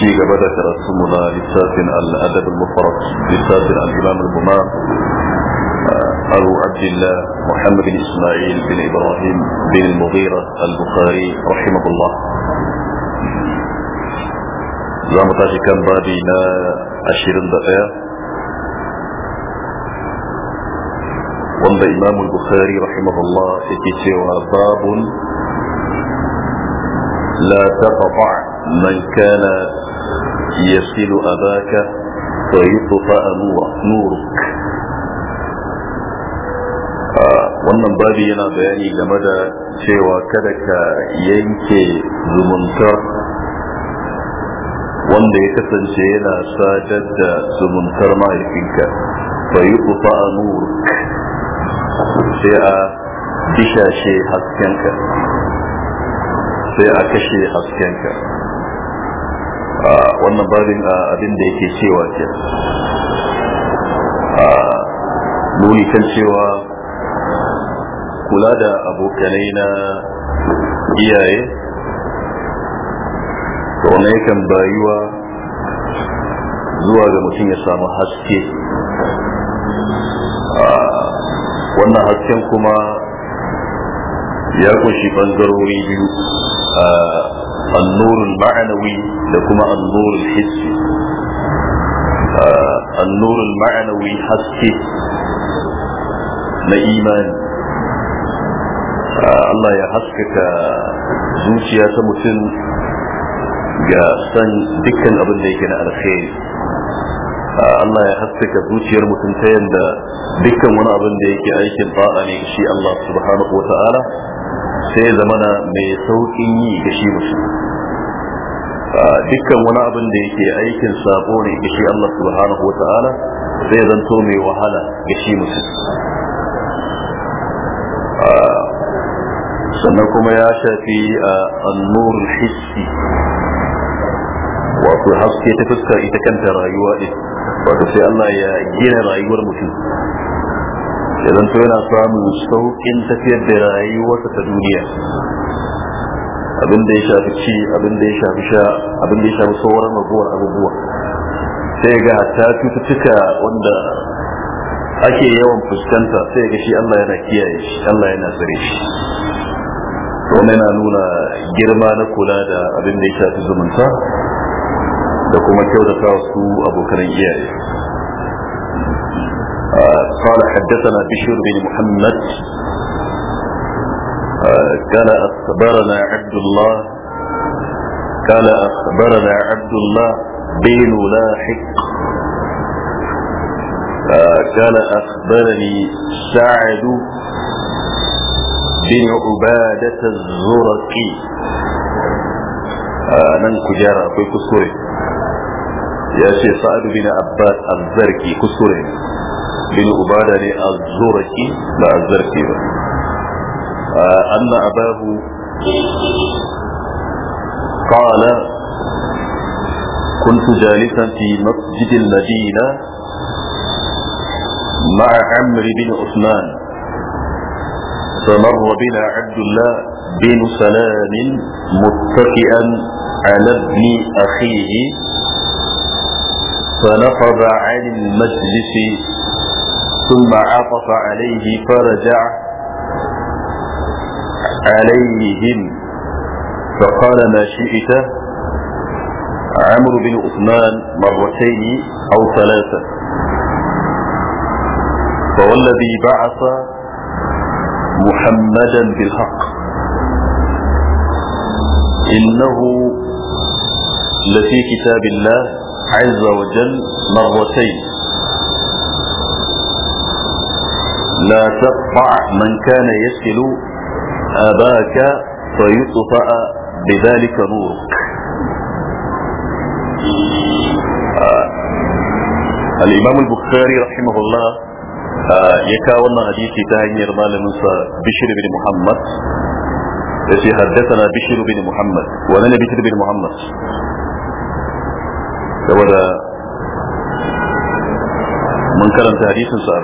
شيء قبل ترسمنا لساس الأدب المفرق لساس الإمام الهما آه، أبو عبد الله محمد بن إسماعيل بن إبراهيم بن المغيرة البخاري رحمه الله زعم تاجي كان بابينا أشير الدفير وند إمام البخاري رحمه الله في سوى باب لا تقطع من كان يصل أباك ويطفأ نورك wannan babi yana bayani game da cewa kada ka yanke zumunta wanda ya kasance yana sadar da zumuntar mahaifinka bai kufa a nuruk sai a dishashe haskenka sai a kashe haskenka wannan babin abin da yake cewa ke nuni kan cewa kula da abokanai na iyaye wani yakan bayuwa zuwa ga mutum ya samu haske A wannan hasken kuma ya kunshi ɓangarori biyu annurul ma'anawi da kuma annurul hissi annurul ma'anawi haske na imani Allah ya haskaka zuciya ta mutum ga san dukkan abin na alkhairi Allah ya haskaka zuciyar mutum ta yadda dukkan wani abin da yake aikin ba'a ne shi Allah subhanahu wa ta'ala sai zamana mai sauƙin yi ga shi musulmi dukkan wani abin da yake aikin sabo ne ga shi Allah subhanahu wa ta'ala zai zanto mai wahala ga shi sannan kuma ya shafi a annur hissi wato haske ta fuskar ita kanta rayuwa ɗin wato sai Allah ya gina rayuwar mutum ya zanto yana samun sauƙin tafiyar da rayuwarsa ta duniya abin da ya shafi ci abin da ya shafi sha abin da ya shafi sauran raguwar abubuwa sai ga ta cututtuka wanda ake yawan fuskanta sai ga shi Allah yana kiyaye shi Allah yana tsare shi wannan yana nuna girma na kula da abin da ya shafi zumunta da kuma kyautata su abokan iyaye قال حدثنا بشر بن محمد قال أخبرنا عبد الله قال أخبرنا عبد الله بن لاحق قال أخبرني سعد بن عبادة الزرقي من كجارة في كسوري يا شيخ سعد بن عباد الزرقي كسوري bin ubada ne a zuraki ba أباه قال كنت جالسا في مسجد المدينة مع عمرو بن عثمان فمر بنا عبد الله بن سلام متكئا على ابن أخيه فنفض عن المجلس ثم عطف عليه فرجع عليهم فقال ما شئت عمرو بن عثمان مرتين أو ثلاثة فوالذي بعث محمدا بالحق إنه لفي كتاب الله عز وجل مرتين لا تقطع من كان يسل أباك فيطفأ بذلك نورك آه الإمام البخاري رحمه الله آه يكاونا حديث رمال موسى بشر بن محمد التي حدثنا بشر بن محمد ولنا بشر بن محمد saboda من karanta hadisin sa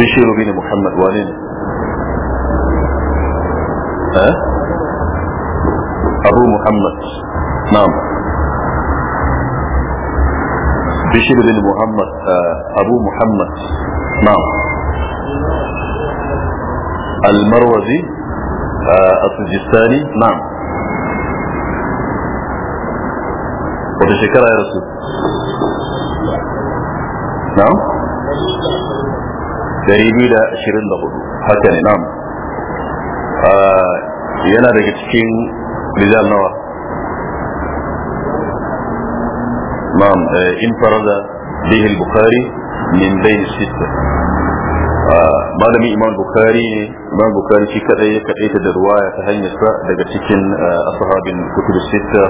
بيشيروا بين محمد وانين ها ابو محمد نعم بيشيروا بين محمد آه، ابو محمد نعم المروزي آه، السجستاني نعم وتشكر يا رسول نعم 224 haka ne nam yana daga cikin rijal nawa in farada bihi al-bukhari min bayn sitta malami imam bukhari ne imam bukhari shi kadai ya kadai ta da ruwaya ta hanyar sa daga cikin ashabin kutub sita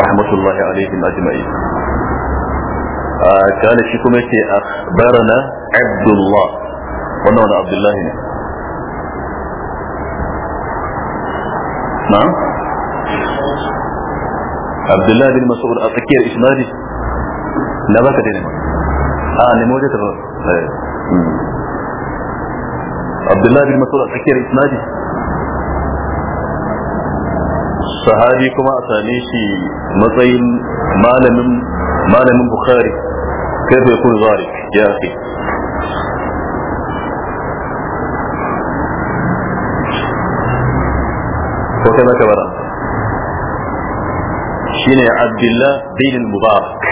rahmatullahi alaihim ajma'in كان آه، شي كما اخبرنا عبد الله ونون عبد الله نعم عبد الله بن مسعود اتكير اسمادي لا بك دين اه نموذج طيب. عبد الله بن مسعود اتكير اسمادي صحابي كما اسانيشي مصين مالم مالم بخاري كيف يكون ذلك يا أخي وكما كبر شين عبد الله بن المبارك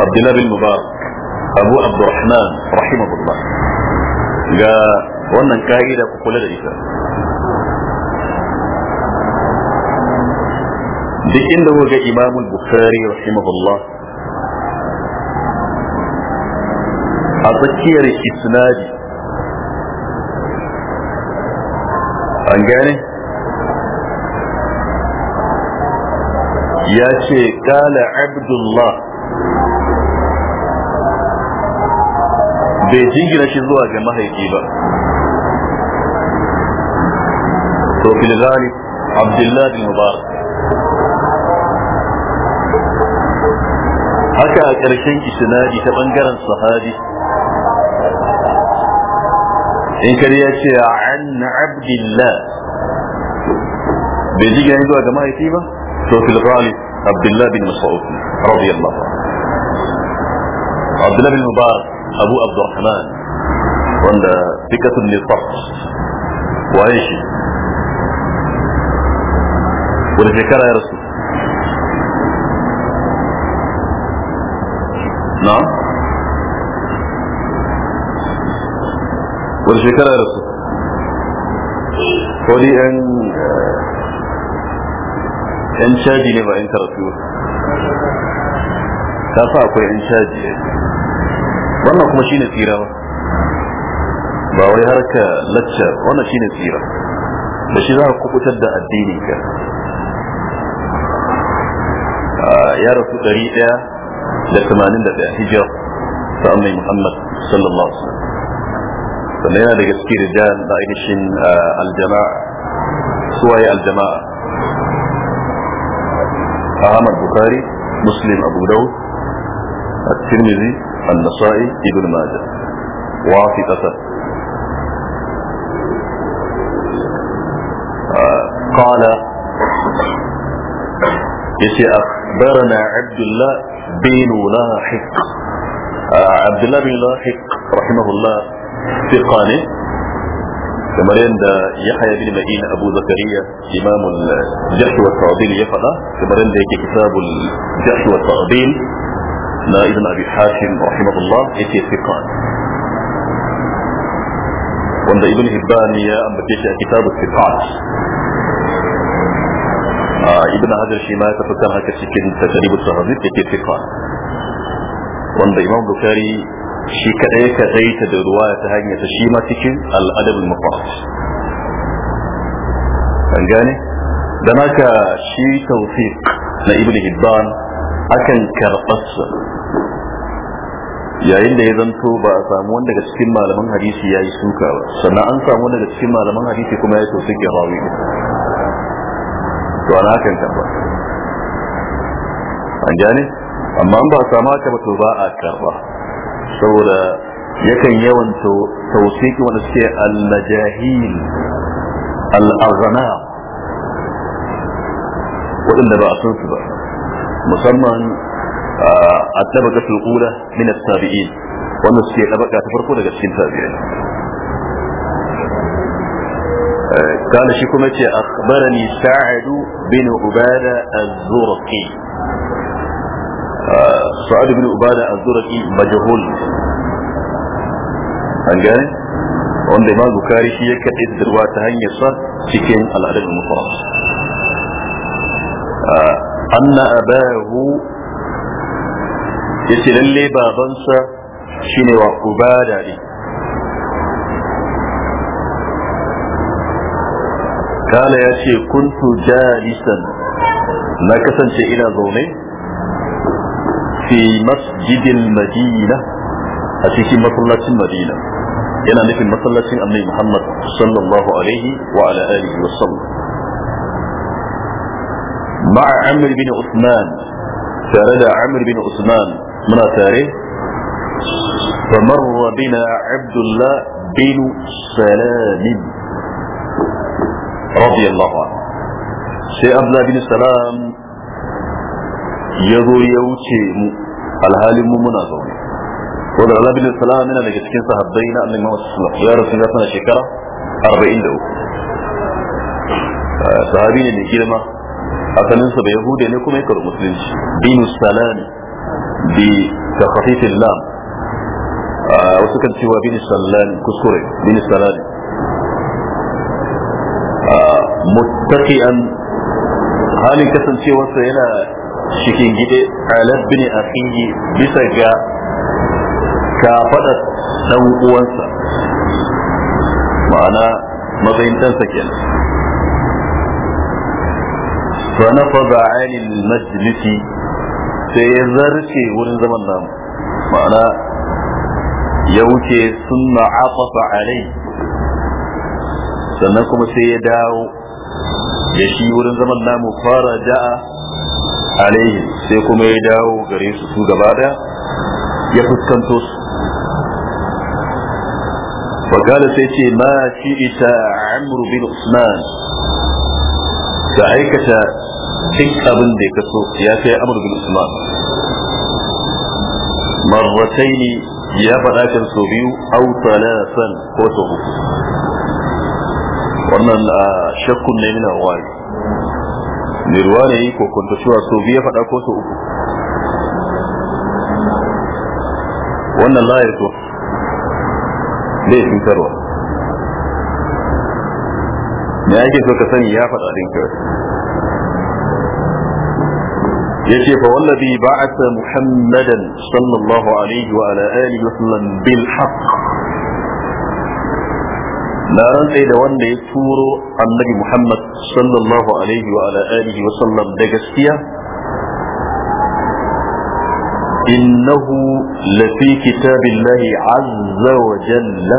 عبد الله بن المبارك أبو عبد الرحمن رحمه الله قال وانا كايدا ku kula بإنه جاء إمام البخاري رحمه الله a tsakiyar isnadi an gane ya ce kala abdullah bai jingina shi zuwa ga mahaifi ba to fil ghalib abdullah bin mubarak haka a ƙarshen isnadi ta ɓangaren sahabi in kari ya ce an abdillah bai ji gani zuwa ga mahaifi ba to fil ghali abdillah bin mas'ud radiyallahu abdullah bin mubarak abu abdurrahman wanda fikatun nifaq wa shi wani shekara ya rasu na wani shekara da su wani yan yan caji ne ba yan karatu ta fa akwai yan caji wannan kuma shine tsira ba ba wai harka lacca wannan shine tsira da shi za ka kubutar da addini ka ya rasu ɗari ɗaya da tamanin da ɗaya hijira ta annai muhammad sallallahu alaihi sannan yana daga cikin rijal da ainihin aljama'a suwaye aljama'a ahmad bukari muslim abu daud at-tirmidhi an-nasa'i ibn majah wa fi qasar قال يسي أخبرنا عبد الله بن لاحق عبد الله بن لاحق رحمه الله الثقة كما عند يحيى بن معين أبو زكريا إمام الجرح والتعديل يفعل كما عند كتاب الجرح والتعديل لا إذن أبي حاشم رحمه الله يتي ثقة وعند ابن هبان يا كتاب الثقات آه، ابن هذا الشيء ما ya كتاب kan haka cikin tajribu sahabi da ke shi kadai kadai ta da ruwa ta hanyar ta shi ma cikin al'adabul mufrad an gane dan haka shi tawfiq na ibnu hibban akan karɓarsa, yayin da ya zanto ba a samu wanda daga cikin malaman hadisi ya yi suka ba sannan an samu wanda daga cikin malaman hadisi kuma ya yi tawfiq ya rawi to ana hakan karba an gane amma an ba a samu haka ba to ba a karɓa. saboda yakan yawan tausiki wanda suke al-majahil al-aghna waɗanda ba a san su ba musamman a tabaka tulkula min tabi'in wanda suke tabaka ta farko daga cikin tabi'in قال شكمة أخبرني سعد بن عبادة الزرقي sa'ad bin ubada az-zurqi majhul an gane wanda imam bukari shi ya kaɗe dirwa ta hanyar sa cikin al'adar mufarad anna abahu yace lalle babansa shine wa ubada ne kala ya ce kuntu jalisan na kasance ina zaune fi masjidil madina a cikin masallacin madina yana nufin masallacin annabi muhammad sallallahu alaihi wa ala alihi wa sallam مع عمرو بن عثمان تارد عمرو بن عثمان من تاريخ فمر بنا عبد الله بن سلام رضي الله عنه سي عبد الله بن سلام ya zo ya wuce mu alhalin mu muna zaune wanda Allah bin Salama yana daga cikin sahabbai na Annabi Muhammad sallallahu alaihi wasallam ya rasu ya sana shekara 43 ah, sahabi ne mai girma asalin sa bai yahude ne kuma ya karu musulunci bin Salami bi takhfifin lam ah, wasu kan cewa bin Salami kuskure bin Salami ah, muttaqian halin kasancewarsa yana cikin gide alad bin akhihi bisa ga kafadar dan uwansa ma'ana matsayin ɗansa kenan fa nafada anil majlisi sai ya zarce wurin zaman namu ma'ana ya wuce sunna afafa alai sannan kuma sai ya dawo ya shi wurin zaman namu fara ja'a alaihi sai kuma ya dawo gare su su gaba daya ya fuskanto su wakala sai ce ma shi ita amru bin usman ka aikata duk abin da ya kaso ya bin usman marrataini ya faɗa kan sau biyu au talatan ko sau uku wannan ah, shakkun ne mina wani mai ruwa ne yi kokonta cewa so biya faɗa ko so uku wannan layar so zai cutarwa me ake so ka sani ya faɗa ɗin kawai ya ce fa wallabi ba'atha muhammadan sallallahu alaihi wa ala alihi wa sallam bil haqq na rantsai da wanda ya turo annabi Muhammad sallallahu alaihi wa ala alihi wa sallam da gaskiya innahu lafi kitabillahi azza wa jalla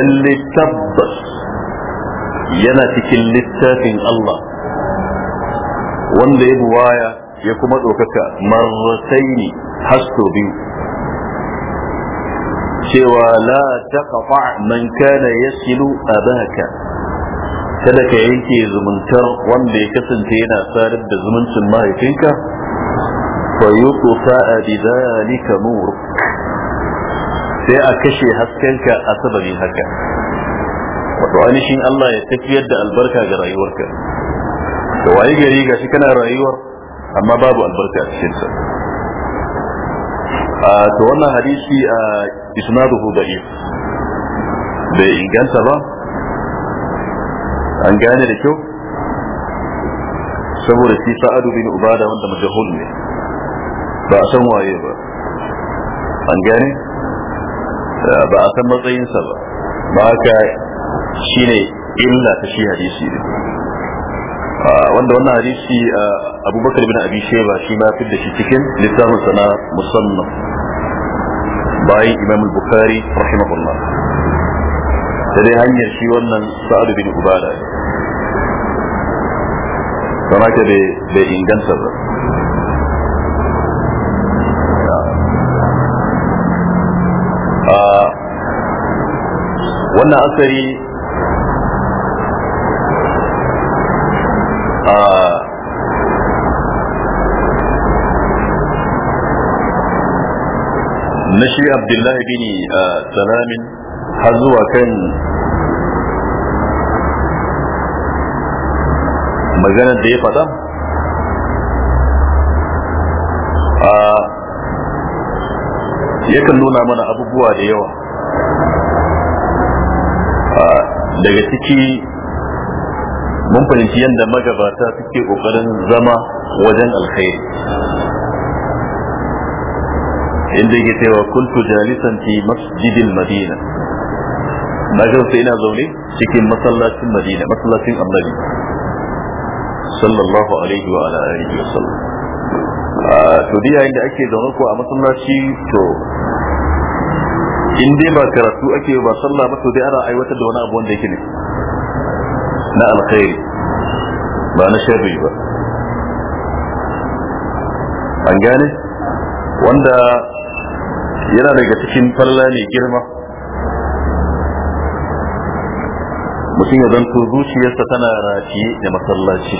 lalle yana cikin littafin Allah wanda ya buwaya ya kuma ɗaukaka marrataini hasto biyu cewa la taqta man kana yasilu abaka kada ka yanke zumuntar wanda ya kasance yana sadar da zumuncin mahaifinka fa yuqta bi nur sai a kashe haskenka a sababin haka wato ainihin Allah ya tafiyar da albarka ga rayuwarka da waye gari ga shi kana rayuwar amma babu albarka a cikinsa to wannan hadisi a isnaduhu da'if bai inganta ba an gane da kyau saboda shi sa'adu bin ubada wanda majahul ne ba a san waye ba an gane ba a san matsayinsa ba ba haka shine illa ta shi hadisi ne wanda wannan hadisi abubakar bin abi sheba shi ma fi da shi cikin littafin sana musamman باي إمام البخاري رحمه الله تدي dai hanyar shi wannan sa'ad bin ubada ne don haka bai inganta wannan asari a na shi abdullahi bin uh, salamin har zuwa kan maganar da ya faɗa uh, yakan nuna mana abubuwa da yawa uh, daga ciki mun fahimci yadda magabata suke ƙoƙarin zama wajen alkhairi inda yake cewa kuntu jalisan fi masjidil madina na ga sai ina zaune cikin masallacin madina masallacin annabi sallallahu alaihi wa ala alihi wa sallam to dai inda ake zaune ko a masallaci to in dai ba karatu ake ba sallah ba to dai ana aiwatar da wani abu wanda yake ne na alkhairi ba na sharri ba an gane wanda yana daga cikin falla ne girma mutum ya zanto zuciyarsa tana rafi da masallaci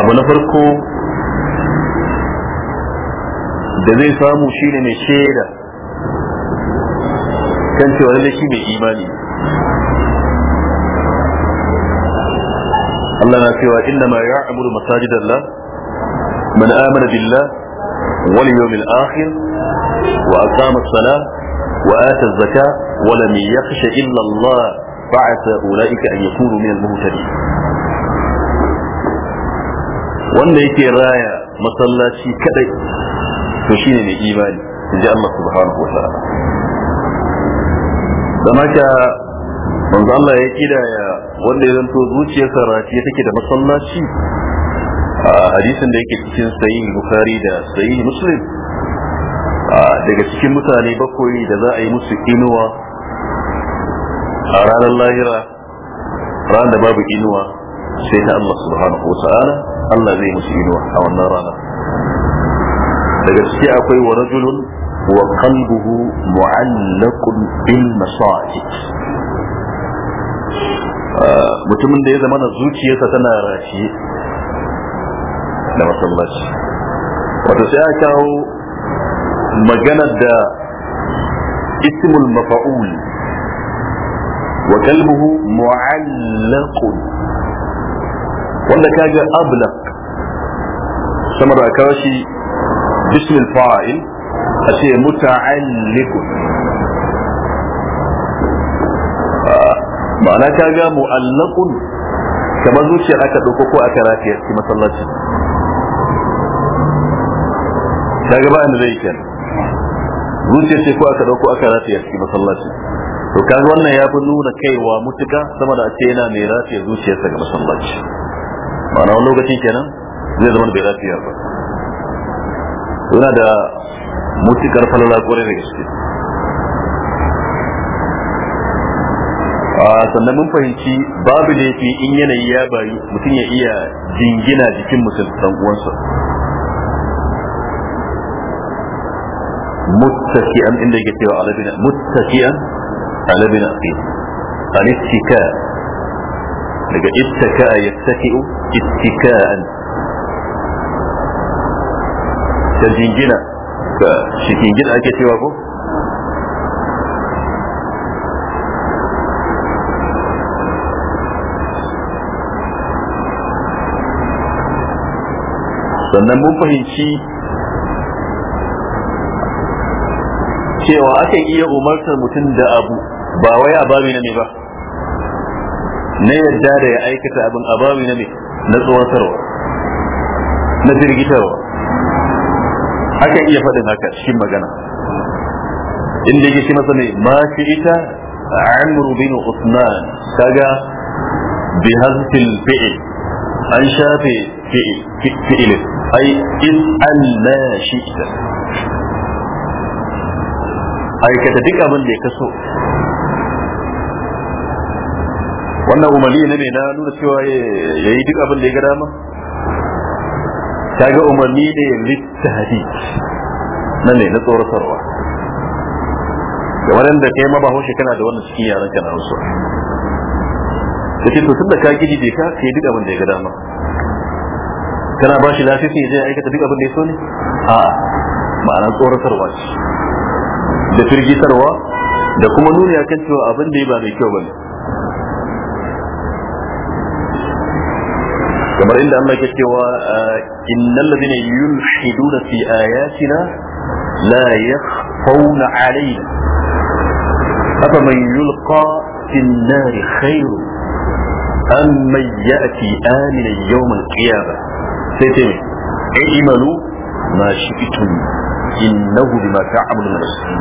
abu na farko da zai samu shine mai shaida kan cewa na shi mai imani Allah na cewa inna ma ya'muru masajidallah من آمن بالله واليوم الآخر وأقام الصلاة وآتى الزكاة ولم يخش إلا الله فعسى أولئك أن يكونوا من المهتدين wanda yake raya masallaci kadai to shine mai imani in ji Allah subhanahu wa ta'ala don haka manzo Allah ya kidaya wanda ya zanto zuciyarsa rafi take da masallaci hadisin da yake cikin sayi bukari da sayi muslim daga cikin mutane bakwai da za a yi musu inuwa a ranar lahira ranar da babu inuwa sai na Allah subhanahu wa ta'ala Allah zai musu inuwa a wannan rana daga ciki akwai wa rajulun wa qalbuhu mu'allaqun bil masajid mutumin da ya zama na zuciyarsa tana rashi da masallaci wato sai a kawo maganar da ismul mafa'ul wa kalbuhu mu'allaqun wanda kaga ablaq sama da kawo shi bismil fa'il a ce muta'alliqun ma'ana kaga mu'allaqun kamar zuciyar aka ɗauko ko aka rafiya cikin masallaci kaga ba inda zai kenan zuciya ce ko aka dauko aka a cikin masallaci to kaga wannan ya fi nuna kaiwa mutuka sama da ake yana mai rataya zuciyarsa ga masallaci ma'ana wani lokaci kenan zai zama bai rataya ba yana da mutukar falala kore da gaske sannan mun fahimci babu fi in yanayi ya bayu mutum ya iya jingina jikin mutum uwansa متكئا إن جئت على بناء متكئا على بناء قيم الاتكاء لقى اتكاء يتكئ اتكاء تنجينا كالجنجنة أكي سواكو sannan mun fahimci cewa akan iya umartar mutum da abu ba wai a babi na ne ba na yarda da ya aikata abin a babi na ne na tsoratarwa na firgitarwa akan iya faɗin haka cikin magana inda yake shi masa ne ma shi ita amru bin usman kaga bi hazfil fi'il an shafe fi'il fi'il ai in an ma shi aikata duk abin da ya kaso wannan umarni ne na nuna cewa ya yi duk abin da ya ga dama kaga umarni ne littafi na ne na tsoratarwa kamar yadda kai ma ba hoshe kana da wannan cikin yaran kana wasu cikin to da ka gidi bai ka yi duk abin da ya ga dama kana ba shi lafiya sai ya je aikata duk abin da ya so ne a'a ma'ana tsoratarwa ce da firgitarwa da kuma nuni kan cewa abin da ya ba mai kyau bane kamar inda Allah ke cewa innal ladina yulhiduna fi ayatina la yakhfawna alayna afa man yulqa fi an-nar khayr am man ya'ti amina yawm al-qiyamah sai ce ai imanu ma shi'tum innahu bima ta'malun basir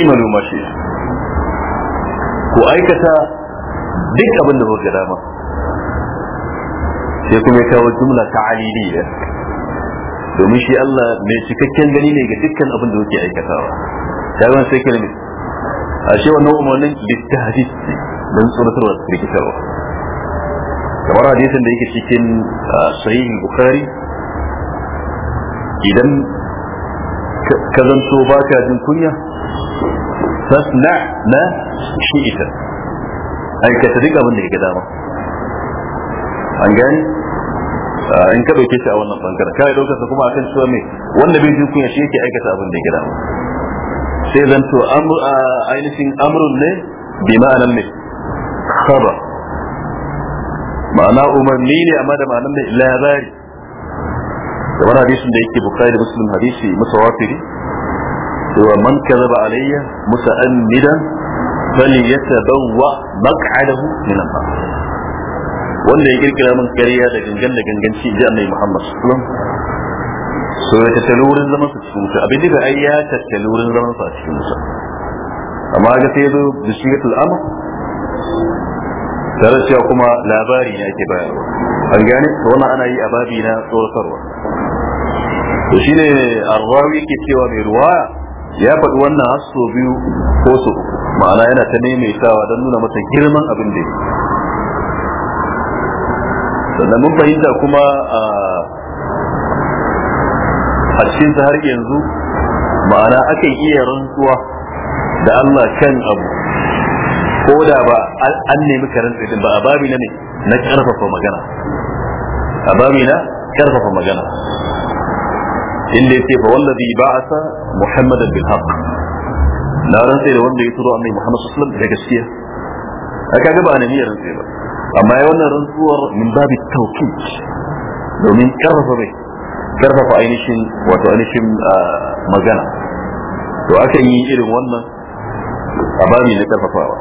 i'malu ma shi ku aikata duk abin da kuka dama sai kuma ya kawo jumla ta aliliya domin shi Allah mai cikakken gani ne ga dukkan abin da kuke aikatawa ta yawan sai kalmi a shi wannan umarnin littahadis ne don tsoratarwa rikitarwa kamar hadisin da yake cikin sahih bukhari idan ka zanto ba ka jin kunya fasna na shi'ita aikata duk abin da ya ga ba an gani in ka dauke shi a wannan bangaren kai dauka sa kuma akan cewa me wanda bai jin kunya shi yake aikata abin da ya ba sai zan to amru ainihin amrun ne bi ma'anan ne khabar ma'ana umarni ne amma da ma'anan ne labari kamar hadisin da yake bukari da muslim hadisi mutawafiri cewa man kazaba alayya muta'ammidan falyatabawwa maq'adahu min an-nar wanda ya kirkira min ƙarya da gangan da ganganci ji annabi Muhammad sallallahu so ya tattali wurin zaman sa cikin mutu abin da ai ya tattali wurin zaman sa cikin mutu amma ga sai zo da shi yatul amr tare cewa kuma labari ne ake bayarwa an gane to wannan ana yi a babi na tsoratarwa to shine arrawi ke cewa mai ruwaya ya faɗi wannan hasso biyu ko su ma'ana yana ta maimaitawa don nuna masa girman abin da sannan mun fahimta kuma a cikin har yanzu ma'ana akan iya rantsuwa da Allah kan abu ko da ba an nemi karen ba a babi na ne na karfafa magana a babi na karfafa magana inda yake fa wallazi ba'asa muhammadan bil haqq na rantsa da wanda ya turo annabi muhammad sallallahu alaihi wasallam da gaskiya aka ga ba annabi rantsa ba amma ya wannan rantsuwar min babi tawkid domin karfafa bai karfafa ainihin wato ainihin ah, magana to aka yi irin wannan a babi na karfafawa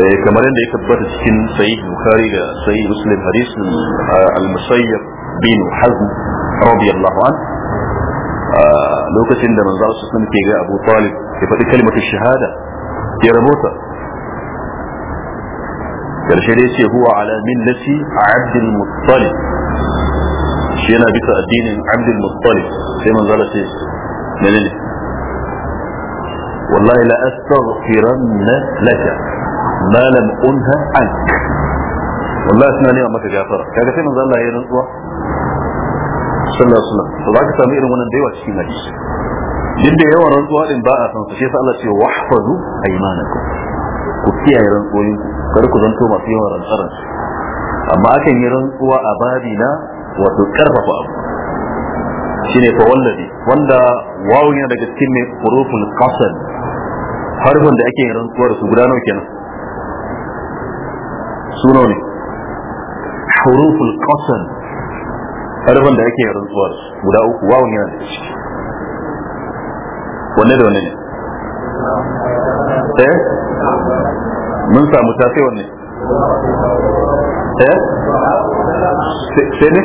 eh, kamar yadda ya tabbata cikin sahih bukhari da sahih muslim hadisin ah, al-musayyab بن حزم رضي الله عنه لو كنت عندما زارت سنة أبو طالب كيف كلمة الشهادة يا ربوتا الشريسي هو على ملة عبد المطلب شينا بك الدين عبد المطلب زي ما زارت والله لأستغفرن لك ما لم أنهى عنك wallahi suna nema maka gafara kaga sai manzo Allah ya rantsuwa sallallahu alaihi wasallam to zaka samu irin wannan da cikin hadisi din da yawan rantsuwa din ba a san su sai Allah ce wahfazu aymanakum ku kiyaye rantsuwoyin kar ku zanto masu yawan rantsaran amma akan yi rantsuwa a babina wato karfafa abu shine fa wallahi wanda wawu yana daga cikin mai huruful qasal harfin da ake yin rantsuwar su guda nawa kenan su ne huruful qasam harfan da ake rantsuwar guda uku wawun yana da ciki wanne da wanne ne eh mun samu ta sai wanne eh sai ne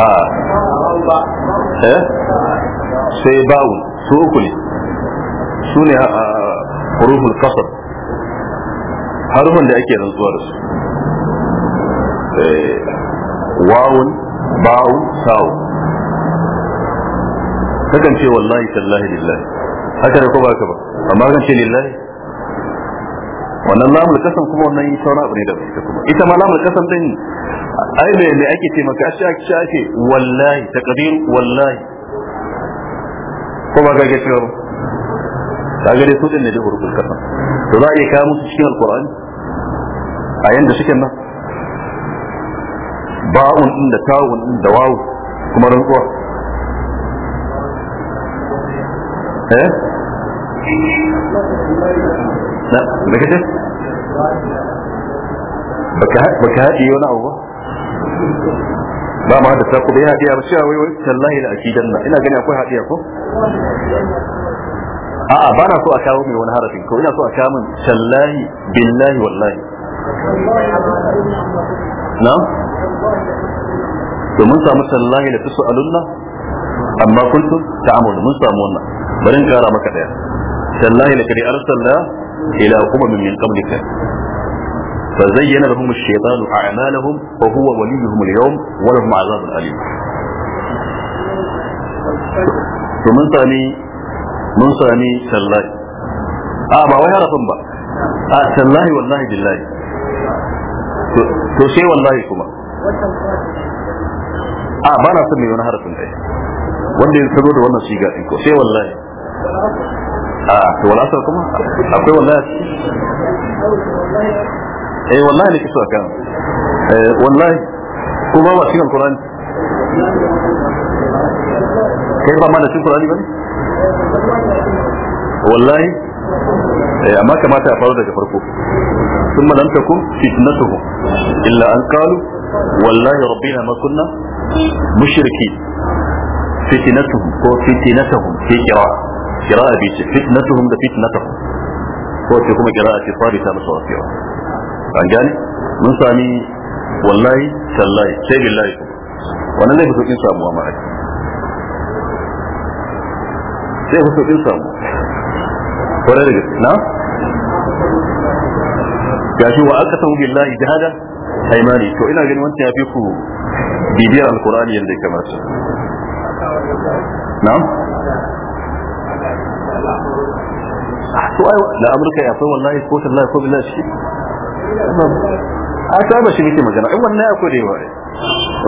a ah. eh sai bawun su uku ne su ne ah, huruful qasam harfan da ake rantsuwar su Eh, wawun ba'u sa'u kakan ce wallahi tallahi lillahi haka da ko ba ka amma kan ce lillahi wannan lamul kasan kuma wannan sauran abu ne da ita kuma ita ma lamul kasan din ai me me ake ce maka ashe ashe ake wallahi taqdir wallahi ko ba ka ga cewa ba ga dai su din ne da hurufin kasan to za a iya kawo musu cikin alqur'ani a yanda suke nan ba'un din da ta'un din da wawu kuma rantsuwa eh na da kace baka baka haɗi wani abu ba Ba ma da ta ku bai haɗiya ba cewa wai wai tallahi da akidan na ina gani akwai haɗiya ko a'a ba na so a kawo mai wani harafin ko ina so a kawo min tallahi billahi wallahi na to samu sallahi da tusu alunna amma kuntum ta'amul mun samu wannan bari in kara maka daya sallahi da kadi arsalna ila umamin min qablika فزين لهم الشيطان أعمالهم وهو وليهم اليوم ولهم عذاب أليم ومن ثاني من ثاني سلاي آه ما وهي رفن بقى آه سلاي والله بالله to sai wallahi kuma a ba na san mai wani harafin ɗaya wanda ya sabo da wannan shiga ɗin ko sai wallahi a to wala sa kuma akwai wallahi eh wallahi ne kiso kan eh wallahi kuma ba shi Qur'ani kai ba ma da shi Qur'ani bane wallahi eh amma kamata a faru daga farko ثم لم تكن فتنتهم إلا أن قالوا والله ربنا ما كنا مشركين فتنتهم وفتنتهم في قراءة قراءة بيت فتنتهم لفتنتهم وتكون قراءة ثابتة مصرفية عن جانب من ثاني والله تالله سيد الله وانا zai fito kin samuwa ma ake zai fito kin samu kwarai da نعم ya shi wa aka samu billahi jihada aimani to ina ganin wancan ya fi ku bibiyar alkur'ani yadda ya kamata na'am to ai da amurka ya fa wallahi ko tallahi ko billahi shi a ta ba shi nake magana in wannan ya kode wa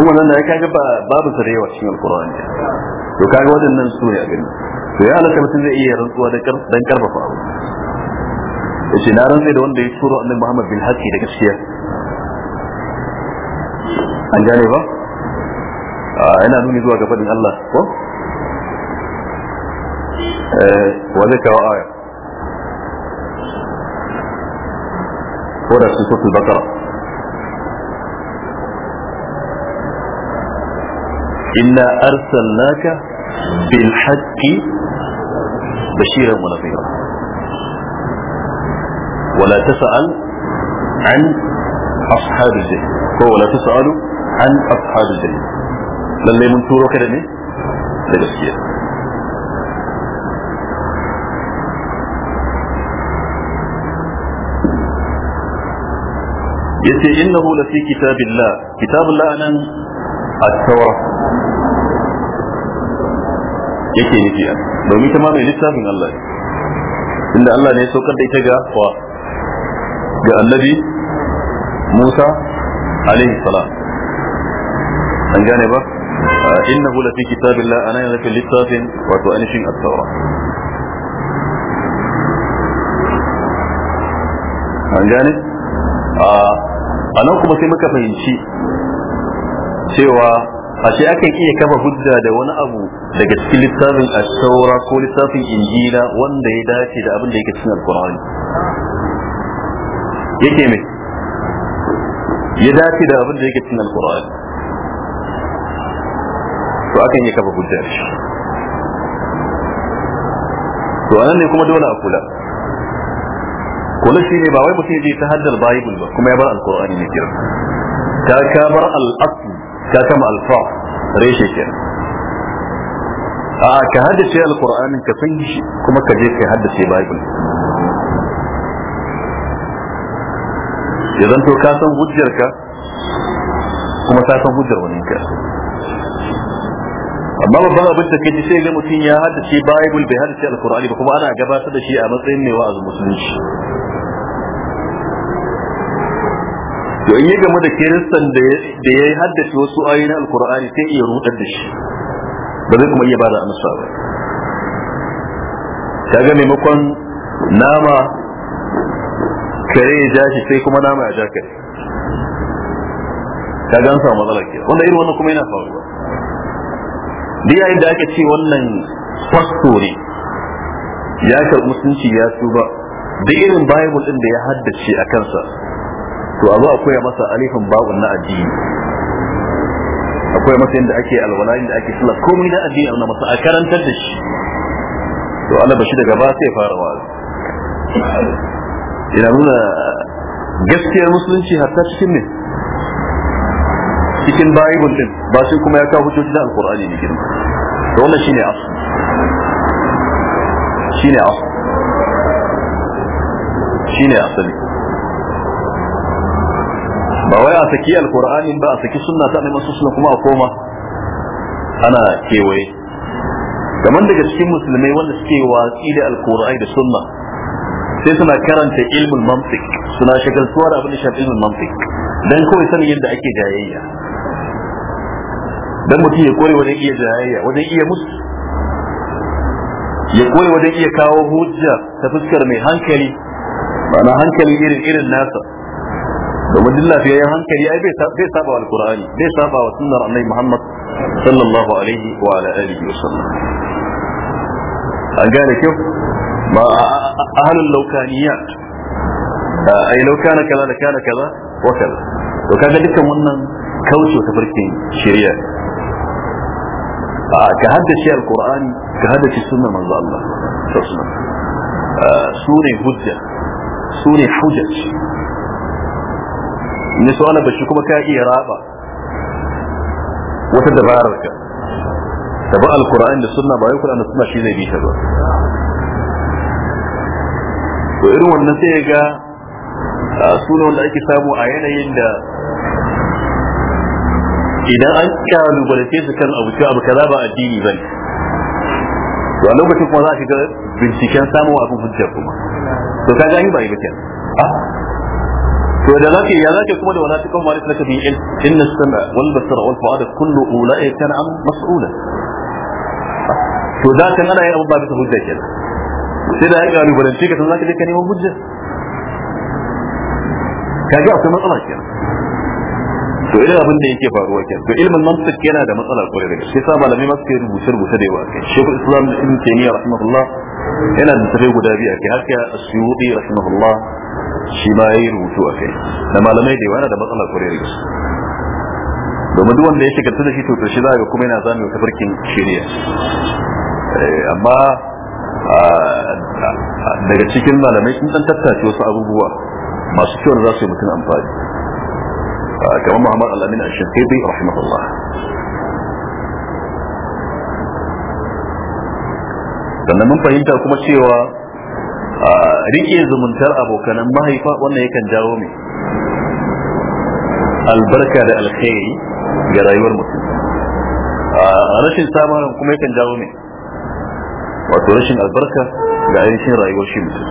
in wannan da ya kaga babu sarewa cikin alkur'ani to kaga wadannan su ne a gani to ya alaka mutum zai iya rantsuwa da dan karfafa abu yace na rantsa da wanda ya turo annabi Muhammad bil haqqi da gaskiya an gane ba a ina nuni zuwa ga fadin Allah ko wa zaka wa aya ko da suratul baqara inna arsalnaka bil haqqi bashiran wa nadhira ولا تسأل عن أصحاب الجنة هو ولا تسأل عن أصحاب الجنة لن لي منتور كلمة لجسية يتي إنه لفي كتاب الله كتاب الله أنا التوراة yake nufi a domin ta mamaye littafin Allah inda Allah ne so kadda ita ga ga annabi Musa alaihi salam an gane ba uh, innahu lafi kitabillah ana yana nufin littafin wato anishin at-taura an gane uh, a nan kuma sai muka fahimci cewa a ashe akan iya kafa hujja da wani abu daga cikin littafin asaura ko littafin injila wanda ya dace da abin da yake cikin alkur'ani yake mai ya dace da abin da yake cin alkur'ani to akan yi kafa hujja shi to anan ne kuma dole a kula kula shi ne ba wai mutum yake ta haddar bible ba kuma ya bar alkur'ani ne kira ta ka bar al'asu ka kama alfa reshe kira a ka haddace alkur'anin ka san shi kuma ka je ka haddace bible ya zanto ka san hujjarka kuma ka san hujjar wani ka amma babban abin da kai sai ga mutum ya haddace bible bai haddace alkur'ani ba kuma ana gabatar da shi a matsayin mai wa'azin musulunci to in yi game da kiristan da ya haddace wasu ayoyi na alkur'ani sai iya rudar da shi ba zai kuma iya bada amsa ba kaga maimakon nama kare ya ja shi sai kuma nama ya ja kare ka gan samu matsala ke wanda irin wannan kuma yana faruwa duk yayin da aka ce wannan fasto ne ya karɓi musulunci ya tuba duk irin bible din da ya haddace a kansa to a zo a koya masa alifin babun na addini akwai masa yadda ake alwala da ake sallah komai na addini a masa a karantar da shi to Allah shi daga ba sai fara wa'azi yana nuna gaskiyar musulunci hatta cikin ne cikin bible din ba sai kuma ya kawo hujjoji na alqur'ani ne girma to wannan shine asu shine asu shine asali ba wai a saki alkur'ani ba a saki sunna ta neman sallallahu kuma a koma ana kewaye kamar daga cikin musulmai wanda suke watsi da alkur'ani da sunna sai suna karanta ilmin mantik suna shigar da abin da shafi ilmin mantik dan kawai sanin yadda ake jayayya dan mutum ya kore wajen iya jayayya wajen iya musu ya kore wajen iya kawo hujja ta fuskar mai hankali ma'ana hankali irin irin nasa domin duk lafiyayyen hankali ai bai saba wa alkur'ani bai saba wa sunnar annabi muhammad sallallahu alaihi wa ala alihi wa sallam an gane kyau ba ahalul laukaniyat ai laukana kaza da kana kaza wa kaza dukkan wannan kauce ta farkin ka haddace alqur'ani ka haddace sunnar manzo Allah sallallahu su ne hujja su su ana kuma ka iya raba wata da sunna yau da shi zai ba to irin wannan sai ya ga suna wanda ake samu a yanayin da idan an kyalu kalubalace su kan abu cewa abu kaza ba addini bane to a lokacin kuma za a shiga binciken samun abin hujjar kuma to ka ga ba yi ba kenan to da zaka ya zaka kuma da wani ta kuma malik laka bi in inna sama wal basara wal fuada kullu ulai kana an mas'ula to da kan ana yin abu ba bisa hujja kenan sai da ya kalubalance ka san zaka je ka neman hujja kaga akwai matsala kenan to irin abin da yake faruwa kenan to ilmin mantiq yana da matsala kwarai da gaske sai malamai ma suke rubuce rubuce da yawa kai shehu islam ibn taymiya rahimahullah yana da tafai guda biyu kai haka asyuti rahimahullah shi ma yayi rubutu a kai da malamai da yawa yana da matsala kwarai da gaske domin duk wanda ya shiga da shi to to shi za ga kuma yana zame tafarkin shari'a eh, amma daga cikin malamai sun dan tattace wasu abubuwa masu kyau da za su yi mutum amfani kamar muhammad alamin al-shafiqi rahimahullah sannan mun fahimta kuma cewa rike zumuntar abokanan mahaifa wannan yakan jawo mai albarka da alkhairi ga rayuwar mutum rashin samun kuma yakan jawo mai wato rashin albarka ga ainihin rayuwar shi mutum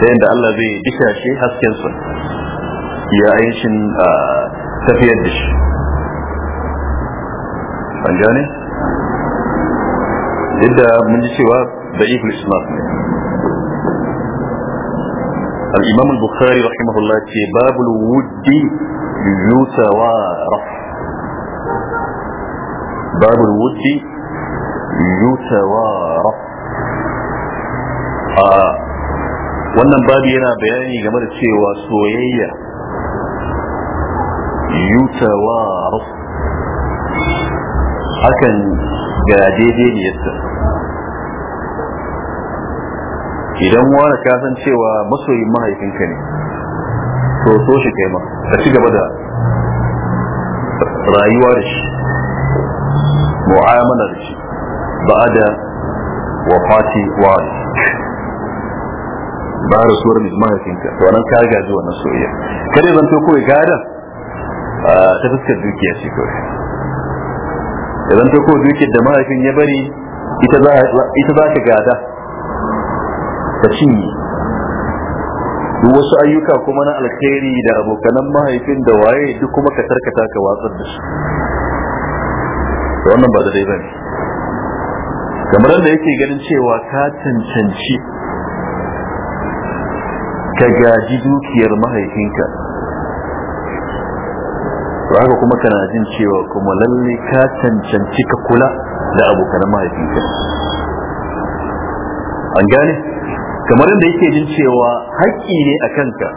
ta yadda Allah zai dishashe haskensa ya ainihin tafiyar da shi an gane yadda mun ji cewa da ibn isnad ne الإمام البخاري رحمه الله في باب الود يتوارث باب الود yutawara a wannan babu yana bayani game da cewa soyayya yutawara hakan ga daidai ne yadda idan wani ka san cewa masoyin mahaifinka ne to so shi kai ma ka ci gaba da rayuwa da shi mu'amala da بعد وفاة والد ba rasuwar ne mahaifinka to nan ka gaji wannan soyayya kada zan to kawai gada ta fuskar dukiya ce kawai idan ta kawai dukiyar da mahaifin ya bari ita za ka gada ta cinye duk wasu ayyuka kuma na alkhairi da abokanan mahaifin da waye duk kuma ka tarkata ka watsar da su wannan ba da dai ne. kamar da yake ganin cewa ka cancanci ka gaji dukiyar mahaifinka ba haka kuma kana jin cewa kuma lalle ka cancanci ka kula da abokan mahaifinka an gane kamar da yake jin cewa haƙƙi ne a kanka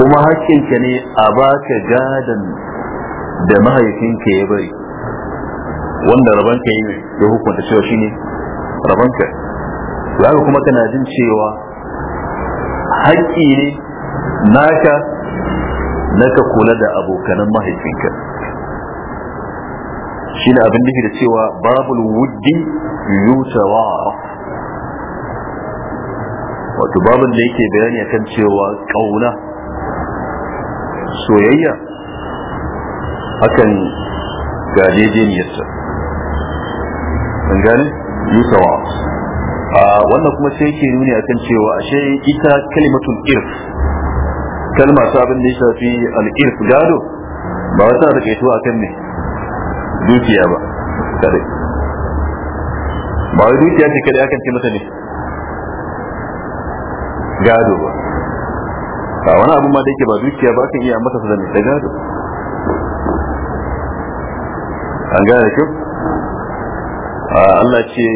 kuma haƙƙinka ne a baka gadon da mahaifinka ya bari wanda rabon ka yi ya hukunta cewa shine rabon ka zaka kuma kana jin cewa haƙƙi ne naka naka kula da abokanan mahaifinka shine abin nufi da cewa babul wuddi yutawaraf wato babin da yake bayani akan cewa kauna soyayya akan gajejeniyarsa an gane yusawa wannan kuma sai yake nuni akan cewa ashe ita kalimatul irf kalma ta abin da ya shafi al-irf gado ba wata da kai tuwa kan ne dukiya ba kare ba dukiya ce kare akan ce mata ne gado ba ba wani abu ma da yake ba dukiya ba kan iya masa da ne da gado an gane kyau Allah ce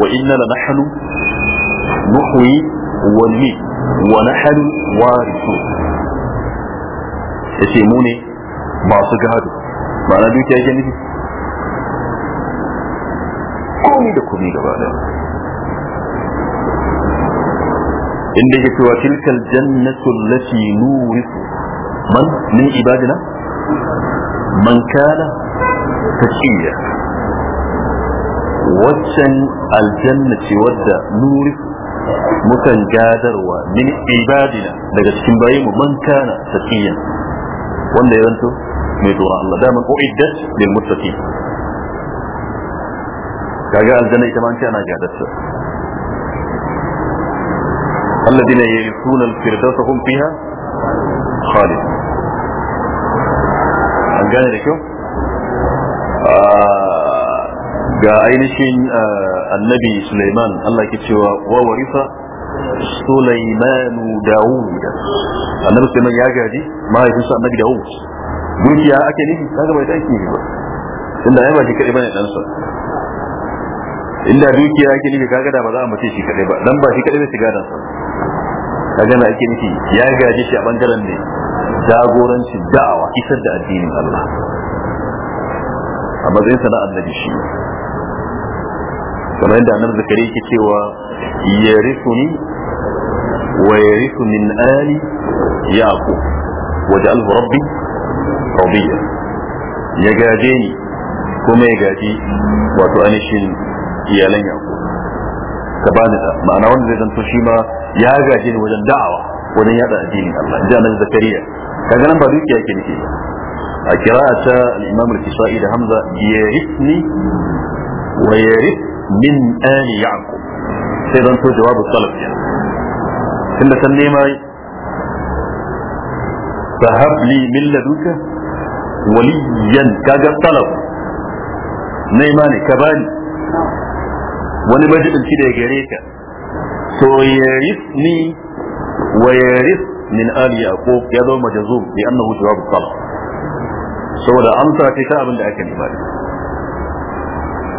wa inna la nahnu nuhyi wa numi wa nahnu warithu yace mu ne masu gado ma'ana dukiya ke nufi komi da komi gaba da inda yake cewa tilkal jannatu allati nurisu man min ibadina man kana taqiya waccan aljanna ce wadda nuri mukan gadarwa min ibadina daga cikin bayi mu man kana taqiyan wanda ya zanto mai dora Allah da daman uiddat lil muttaqin kaga aljanna ita ma ana gadarta الذين al الفردوس hum fiha khalid an gane da kyau ga ainihin uh, annabi Suleiman, Allah ke cewa wa warisa Sulaimanu Dawud annabi Suleiman ya gaji mahaifinsa annabi Dawud dukiya ake nufi kaga bai aiki ne ba inda ya ba shi kadai bane dansa inda dukiya ake nufi kaga da ba za a mace shi kadai ba dan ba shi kadai bai shiga dansa kaga na ake nufi ya gaji shi a bangaren ne jagorancin da'awa isar da addinin Allah a matsayin sana'ar da shi kamar yadda annabi zakari yake cewa yarithuni wa yarithu min ali yaqub waj'alhu rabbi radiya ya gaje ni kuma ya gaji wato anishin iyalan yaqub ka bani da ma'ana wanda zai zanto shi ma ya gaje ni wajen da'awa wajen yada addinin Allah inji annabi zakariya kaga nan ba dukiya yake nake a kira ta al-imam al-kisai da hamza yarithni wa yarith من آل يعقوب سيدا تو جواب الطلب يعني إلا سنيما فهب لي من لدنك وليا كاجا الطلب نيماني كباني ونبجد كده يجريك تو يرثني ويرث من آل يعقوب يدو مجزوم لأنه جواب الطلب سوى أنت كتاب لأكل إيمانك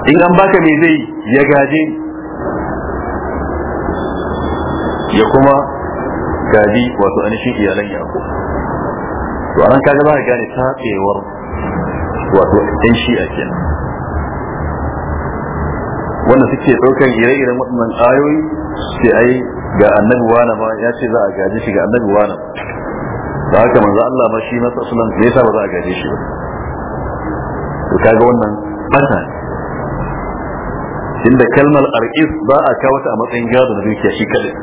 in an baka me zai ya gaje ya kuma gaji wato anishin iyalan yaqub to anan kaga ba ka gane tafewar wato ɗan a kenan wannan suke ɗaukar ire-iren waɗannan ayoyi sai ai ga annabi wani ma ya ce za a gaje shi ga annabi wani da haka manzo Allah ma shi na sunan ne yasa ba za a gaje shi ba to kaga wannan barna ne inda kalmar ar'is ba a kawo ta a matsayin gado da dukiya shi kadai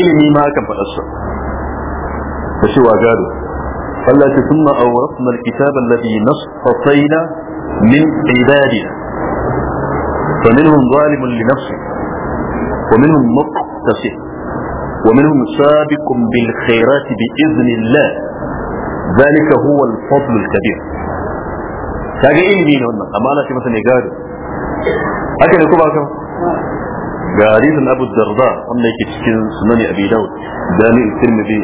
ilimi ma kan faɗa su da shi wa gado Allah ce sun ma'auratun alkitab alladhi nasfasaina min ibadina fa minhum zalimun li nafsi wa minhum muqtasi wa minhum sabiqun bil khairati bi idhnillah ذلك هو الفضل الكبير kaga ilimi ne wannan amma ana ce masa ne gado haka ne ko ba ka ga hadisin abu darda wanda yake cikin sunan abi Dawud da ni tirmidhi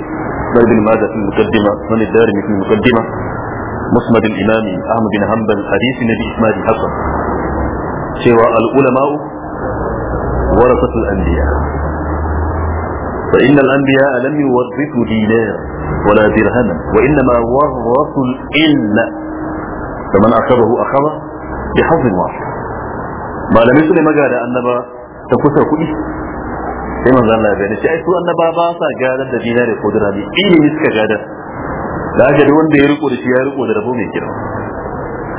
da ibn majah fil muqaddima sunani darimi fil muqaddima مسند الإمام أحمد بن حنبل حديث النبي إسماعيل Hasan cewa al-ulama warasatul anbiya fa inna al'anbiya lam yuwarrisu dinar wala dirhaman wa inna ma warrasu al-ilma faman akhadahu akhadha bi wahid malamai su ne da annaba ta kusa kuɗi sai manzo Allah ya bayyana shi ai su annaba ba sa gadar da dinare ko dirhami ilimi suka gadar da haka duk wanda ya riko da shi ya riko da rabo mai kira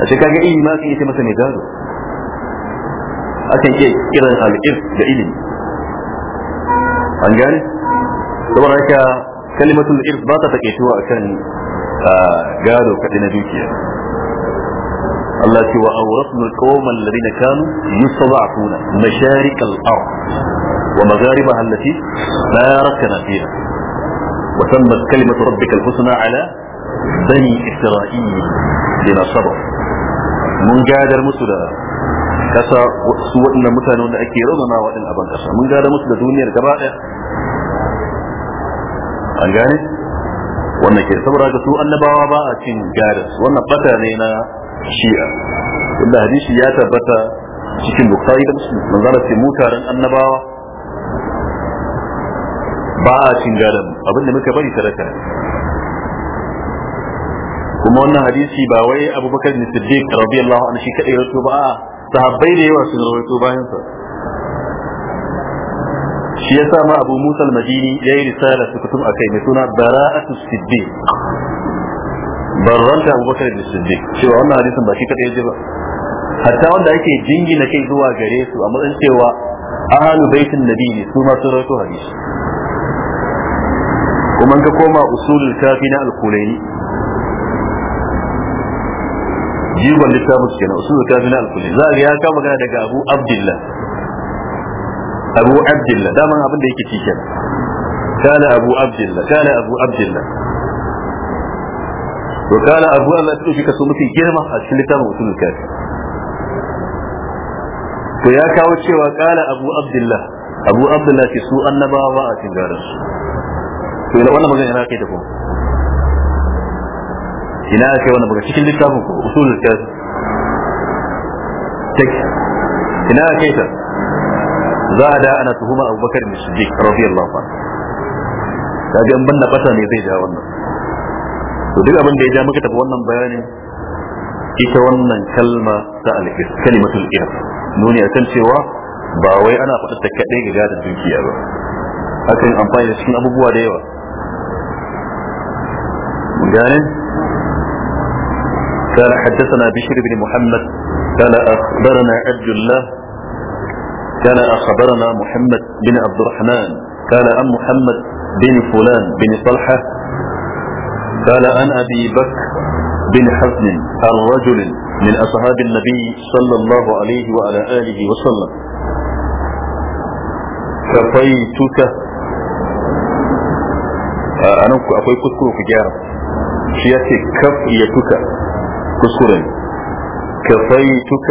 a ce kaga ilimi ma kan yi masa mai gado akan iya kiran al'ir da ilimi an gane saboda haka kalimatul irf ba ta takeituwa akan ah, gado kaɗai na dukiya الله سوى أورثنا القوم الذين كانوا يستضعفون مشارك الأرض ومغاربها التي باركنا فيها وتمت كلمة ربك الحسنى على بني إسرائيل لنا صبر من جادر مسلا كسا سوى إن متنا أكيد وما وإن أبان كسا من جادر مسلا دوني الجبائر أنجاني وأنك تبرك سوء النبوة باء جادر وأن قتلنا shi'a inda hadisi ya tabbata cikin bukari da musulmi manzara ce mutaren annabawa ba a cin gadon abinda muka bari sadaka kuma wannan hadisi ba wai abubakar ne siddiq radiyallahu anhu shi kadai rawaito ba a sahabbai da yawa sun rawaito bayan sa shi yasa ma abu musa al-madini yayi risala su kutum akai mai suna bara'atu siddiq barranta abubakar da siddiq cewa wannan hadisin ba shi kadai ya ji ba hatta wanda ake na kai zuwa gare su a matsayin cewa ahalu baitin nabi ne su ma sun rawaito hadisi kuma ka koma usulul kafi na al-kulaini jigon littafin kenan usulul kafi na al-kulaini za ga ya kawo magana daga abu abdullah abu abdullah daman abin da yake ci kenan kana abu abdullah kana abu abdullah wa kana a cikin littafin usulul kafi to ya kawo cewa kana abu abdullah abu abdullah su annabawa ba a cikin garin to ina wannan magana yana kai da kuma ina kai wannan magana cikin littafin ku usulul kafi take ina kai ta za a da da ne zai to duk abin da ya ja muka tafi wannan bayanin ita wannan kalma ta al'ir kalimatul ir nuni akan cewa ba wai ana faɗa ta kaɗai ga gadar dukiya ba akan amfani da cikin abubuwa da yawa gane قال حدثنا بشر بن محمد قال أخبرنا عبد الله قال أخبرنا محمد بن عبد الرحمن قال عن محمد بن فلان بن طلحة قال عن أبي بكر بن حزم الرجل من أصحاب النبي صلى الله عليه وعلى آله وسلم كفيتك آه، أنا أقول كسكر في جارة شياتي كفيتك كسكر كفيتك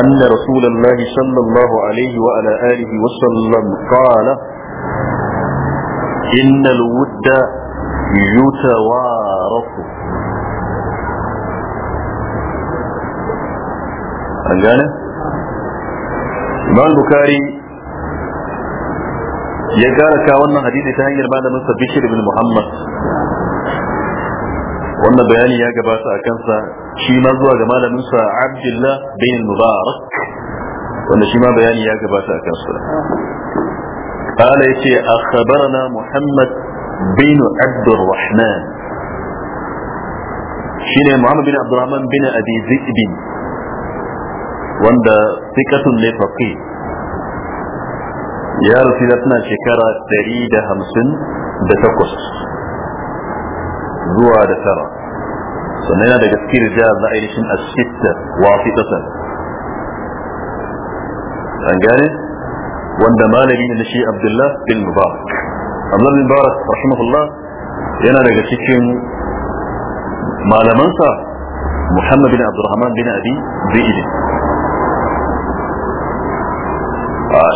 أن رسول الله صلى الله عليه وعلى آله وسلم قال إن الود يتوارث رجعنا بان بكاري يقال كاونا حديث تهير بعد من بشير بن محمد وانا بياني ياجا باسا اكنسا شي مزوى جمال موسى عبد الله بن المبارك وانا شي ما بياني ياجا باسا اكنسا قال يشي اخبرنا محمد بن عبد الرحمن شنو محمد بن عبد الرحمن بن ابي ذئب وند ثقة لفقيه يا رسول الله شكرا تريد همسن بتقص زوا دسرا سنينا هذا جسكير جاء زائرشن الستة واسطة عن جانب وند ما نبينا نشي عبد الله بن مبارك Abdullah bin Barak rahimahullah yana daga cikin malamansa Muhammad bin Abdurrahman bin Abi Zaid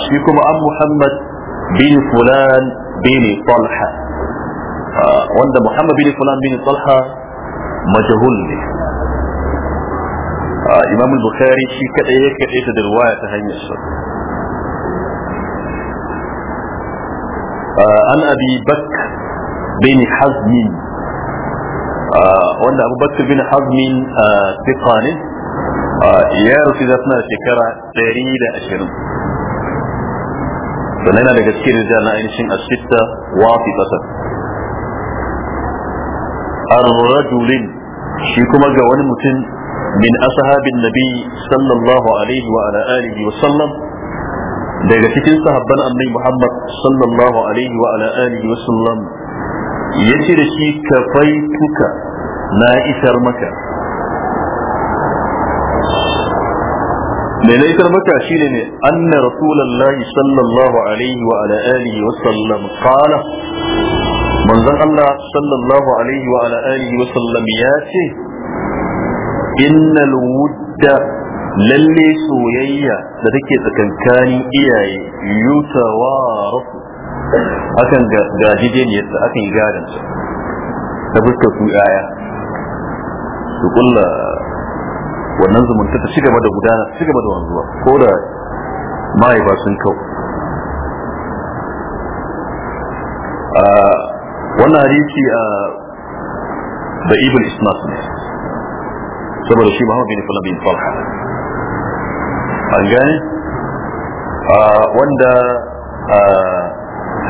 shi kuma an Muhammad bin Fulan bin Talha wanda Muhammad bin Fulan bin Talha majahul ne Imam Bukhari shi kadai ya kadai ta da ruwaya ta hanyar sa an abi bak bin hazmin wanda abu bakar bin hazmin fiqa ne ya rufi da suna shekara 120 sannan yana daga cikin rijal na ainihin ashitta wafi fasar ar-rajulin shi kuma ga wani mutum min ashabin nabi sallallahu alaihi wa ala alihi wa sallam daga cikin sahabban annabi Muhammad sallallahu alaihi wa ala alihi wa sallam yace da shi kafaituka na isar maka me na isar maka shine ne anna rasulullahi sallallahu alaihi wa ala alihi wa sallam qala manzon Allah sallallahu alaihi wa ala alihi wa sallam ya ce innal wudda lalle soyayya da take tsakankani iyaye wa rafu akan yadda akan yi su ta fuska su yaya su kulla wannan zumunta ta shiga gaba da gudana ta gaba da wanzuwa ko da ba sun kau a wannan hadisi a da ibn ismas saboda shi hawa bin fulan bin Farka. an gane wanda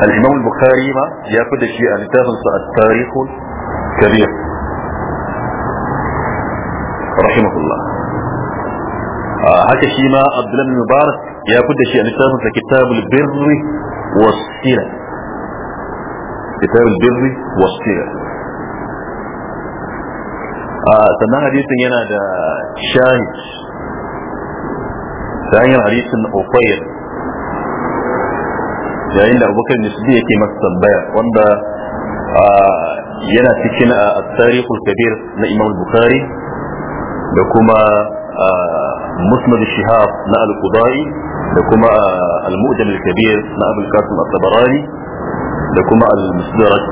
al-imam al-bukhari ma ya fi da shi a littafinsa at-tarikhul kabir rahimahullah haka shi ma abdullah bin mubarak ya fi da shi a littafinsa kitabul birri was-sira kitabul birri was-sira sannan hadisin yana da shahid ta hanyar hadisin ufayr yayin da abubakar nisbi yake masa tambaya wanda yana cikin a tarihul kabir na imam bukhari da kuma musnad shihab na al-qudai da kuma al-mu'jam al-kabir na abul qasim at-tabarani da kuma al-musdarak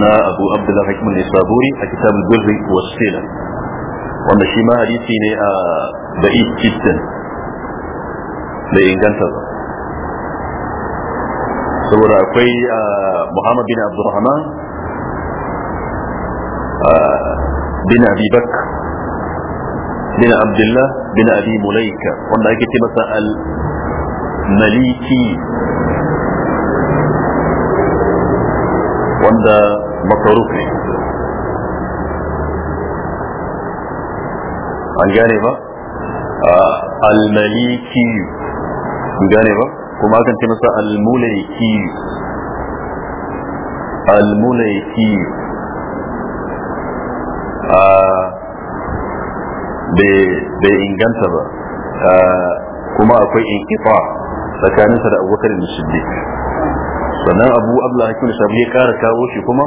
na abu abdullah hakim al-isaburi a kitab al wa as sila wanda shi ma hadisi ne a da'if jiddan da inganta ba saboda akwai muhammad bin abdurrahman bin abi abibak bin abdullah bin abi mulaika wanda ake ce masa al-maliki wanda makaruf ne an gane ba al-maliki gane ba kuma akan ce masa al-mulaiki al-mulaiki a ah, bai inganta ba ah, kuma akwai inkifa tsakaninsa da abubakar da shiddi sannan abu abla hakim da shafi ya kara kawo shi kuma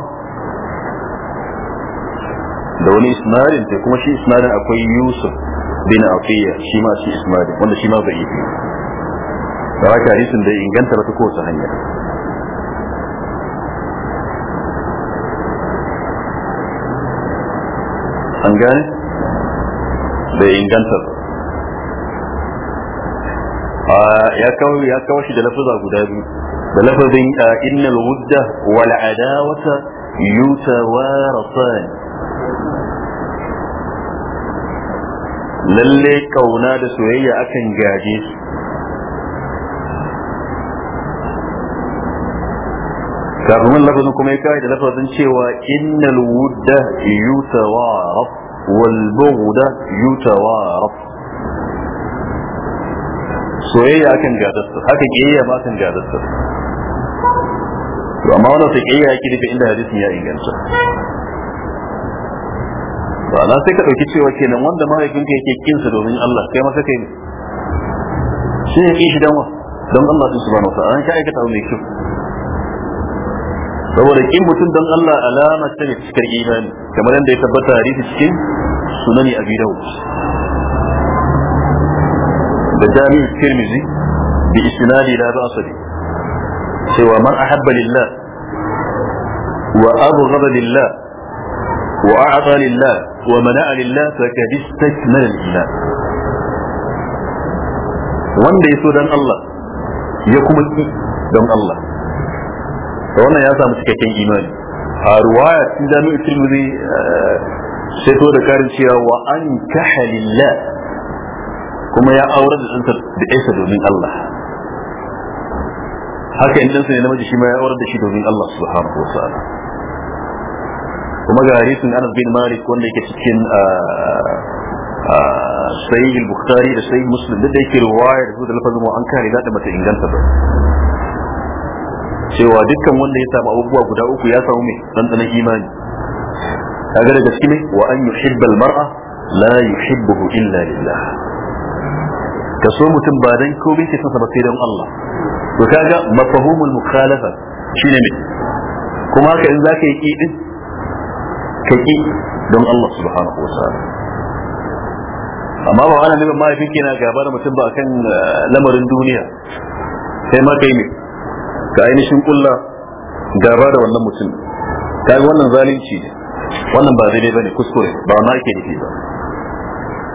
da wani ta kuma shi isnadin akwai yusuf bin afiya shi ma shi isnadin wanda shi ma bai yi da haka hadisin bai inganta ta kowace hanya an gane da inganta a ya kawo ya kawo shi da lafaza guda biyu da lafazin innal wudda wal adawata yutawaratan lalle kauna da soyayya akan gaje su kafin lafazin kuma ya kawai da lafazin cewa innal wudda yutawaraf wal bughda raf soyayya akan gadarsa haka kiyayya ma akan gadarsa to amma wannan sai kiyayya yake da inda hadisin ya inganta to ana sai ka dauki cewa kenan wanda mahaifinka yake sa domin Allah kai ma sai kai ne shi ne kishi dan wa don Allah subhanahu wa ta'ala an ka aikata mai kyau saboda in mutum don Allah alama ta ne cikar imani kamar yadda ya tabbata hadisi cikin sunani abi dawud da jami'in tirmizi bi isnadi da ba asali cewa man ahabba lillah wa abghada lillah wa a'ta lillah wa mana'a lillah fakad istakmala al-iman wanda ya so dan Allah ya kuma ki don Allah to wannan ya samu cikakken imani a ruwaya cikin jami'u tirmidhi eh, sai to da karin cewa wa an ka halilla? kuma ya aure da ɗansa da ɗansa domin Allah haka in ɗansa ne namiji shi ma ya aure da shi domin Allah subhanahu ko ta'ala kuma ga hadisin ana bin Malik wanda yake cikin eh, eh, sayyid al-Bukhari da sayyid Muslim da yake Ruwaya da lafazin wa an kare da mata inganta ba cewa dukkan wanda ya samu abubuwa guda uku ya samu mai tsantsanin imani kaga daga cikin ne wa an yuhibba mar'a la yuhibbuhu illa lillah ka so mutum ba dan komai ke sansa ba sai don Allah to kaga mafhumul mukhalafa shine ne kuma haka in zaka yi kidin ka ki don Allah subhanahu wa ta'ala amma ba wani ne mahaifin ke na gaba da mutum ba kan eh, lamarin duniya sai ma kai ne ka ainihin kulla gaba da wannan mutum ta wannan zalunci ne wannan ba daidai bane kuskure ba wani ake nufi ba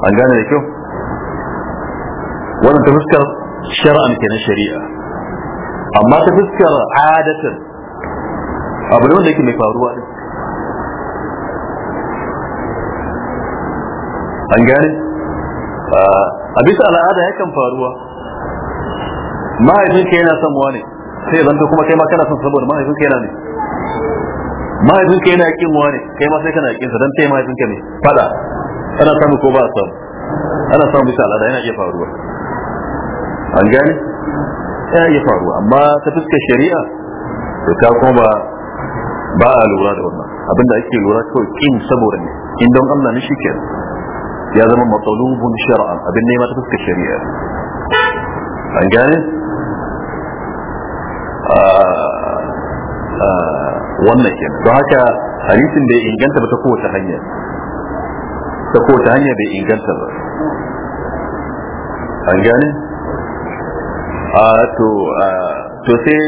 an gane da kyau wannan ta fuskar shari'a ke na shari'a amma ta fuskar adatar abu ne wanda yake mai faruwa ne an gane a bisa al'ada ya kan faruwa mahaifinka yana son ne sai zanto kuma kai ma kana son saboda mahaifinka yana ne mahaifinka yana yakin wa ne kai ma sai kana yakin sa dan tayi mahaifinka ne fada ana samu ko ba a samu ana samu bisa al'ada yana iya faruwa an gane yana iya faruwa amma ta fuskar shari'a to ta kuma ba ba a lura da wannan abinda ake lura kawai kin saboda ne in don Allah ne shike ya zama matsalubun shar'an abin ne ma ta fuskar shari'a an gane wannan ke don haka hadisin bai inganta ba ta kowace hanya ta kowace hanya bai inganta ba an gane a to to sai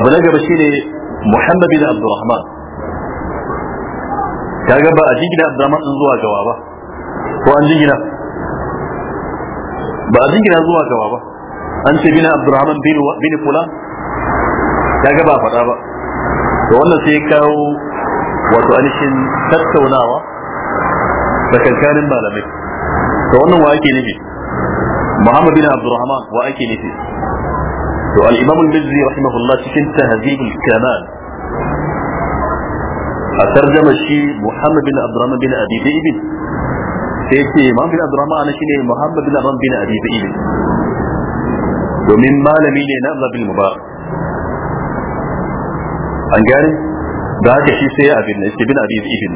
abu na gaba shine muhammad bin abdurrahman ta gaba a jingina abdurrahman din zuwa gawa ba ko an jingina ba a jingina zuwa gawa ba an ce bin abdurrahman bin fulan ya ga ba faɗa ba to wannan sai ya kawo wato anishin tattaunawa da kankanin malamai to wannan wa ake nufi muhammad bin abdurrahman wa ake nufi to al-imam al-bizzi rahimahullah cikin tahzib al-kamal a tarjama shi muhammad bin abdurrahman bin abi ibn sai ce muhammad bin abdurrahman ana ne muhammad bin abdurrahman bin abi ibn domin malami ne na zabil mubarak an gane da haka shi sai abin ne ibn abi ibn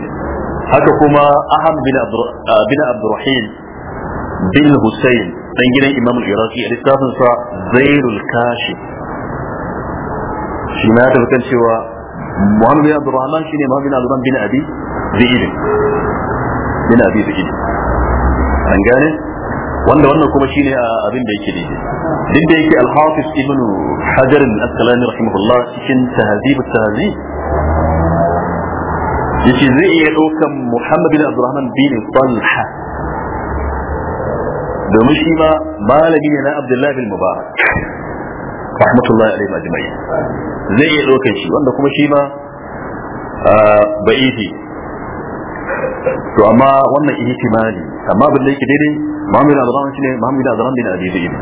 haka kuma ahmad bin ah, abdurrahim bin husayn dan gidan imam al-iraqi a littafin sa zairul kashi shi ma ya tabbatar cewa muhammad bin abdurrahman shine muhammad bin abdurrahman bin abi zaid bin abi zaid an gane wanda wannan kuma shine ah, abin da yake daidai duk da yake al-hafiz ibn hajar al-asqalani rahimahullah cikin tahzib at-tahzib yace zai iya daukan muhammad bin abdurrahman bin talha domin shi ma malami ne na abdullahi bin mubarak rahmatullahi alaihi ajma'in zai iya dokan shi wanda kuma shi ma ah, ba'ifi to amma wannan ihtimali amma bin da yake daidai Muhammad bin Azran shine Muhammad bin Azran bin Abi Zaid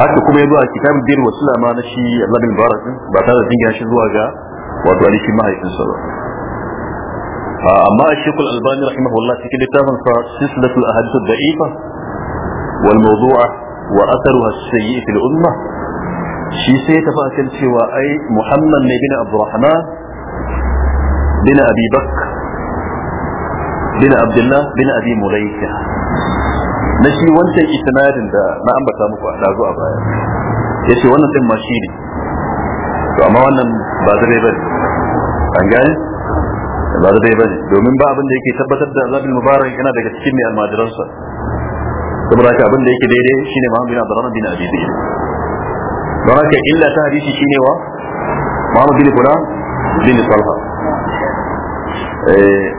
haka kuma ya zo a kitab din wasila ma na shi Allah bin Barak ba tare da jingina shi zuwa ga wato ali shi mahaifinsa ba amma Sheikh Al-Albani rahimahullah cikin littafin sa silsilatul ahadith ad-da'ifa wal mawdu'a wa atharuha as-sayyi' fil ummah shi sai ta fakan cewa ai Muhammad ne bin Abdurrahman bin abi bakr bin abdullah bin abi mulaika na shi wancan isnadin da na ambata muku a dazu a baya yace wannan din ma to amma wannan ba zai bane an gane ba zai bane domin ba abin yake tabbatar da azabil mubarak yana daga cikin mai almajiransa saboda haka abin da yake daidai shine Muhammad bin Abdurrahman bin Abi Bakr illa ta hadisi shine wa Muhammad bin Eh,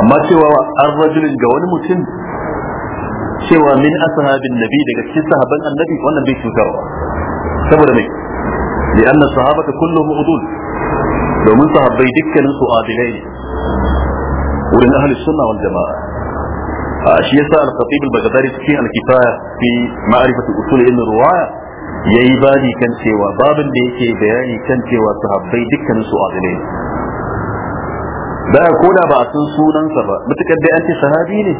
amma cewa an rajulin ga wani mutum cewa min ashabin nabi daga cikin sahaban annabi wannan bai cutarwa saboda mai لأن الصحابة كلهم عدول لو من ne. Wurin سؤالين ولن أهل jama'a. A shi yasa al-khatib al-baghdadi cikin al-kifaya fi ma'rifati usul ilm riwaya yayi bani kan cewa babin da yake bayani kan cewa sahabbai dukkanin su adilai da ko da ba a san sunansa ba mutukar dai an ce sahabi ne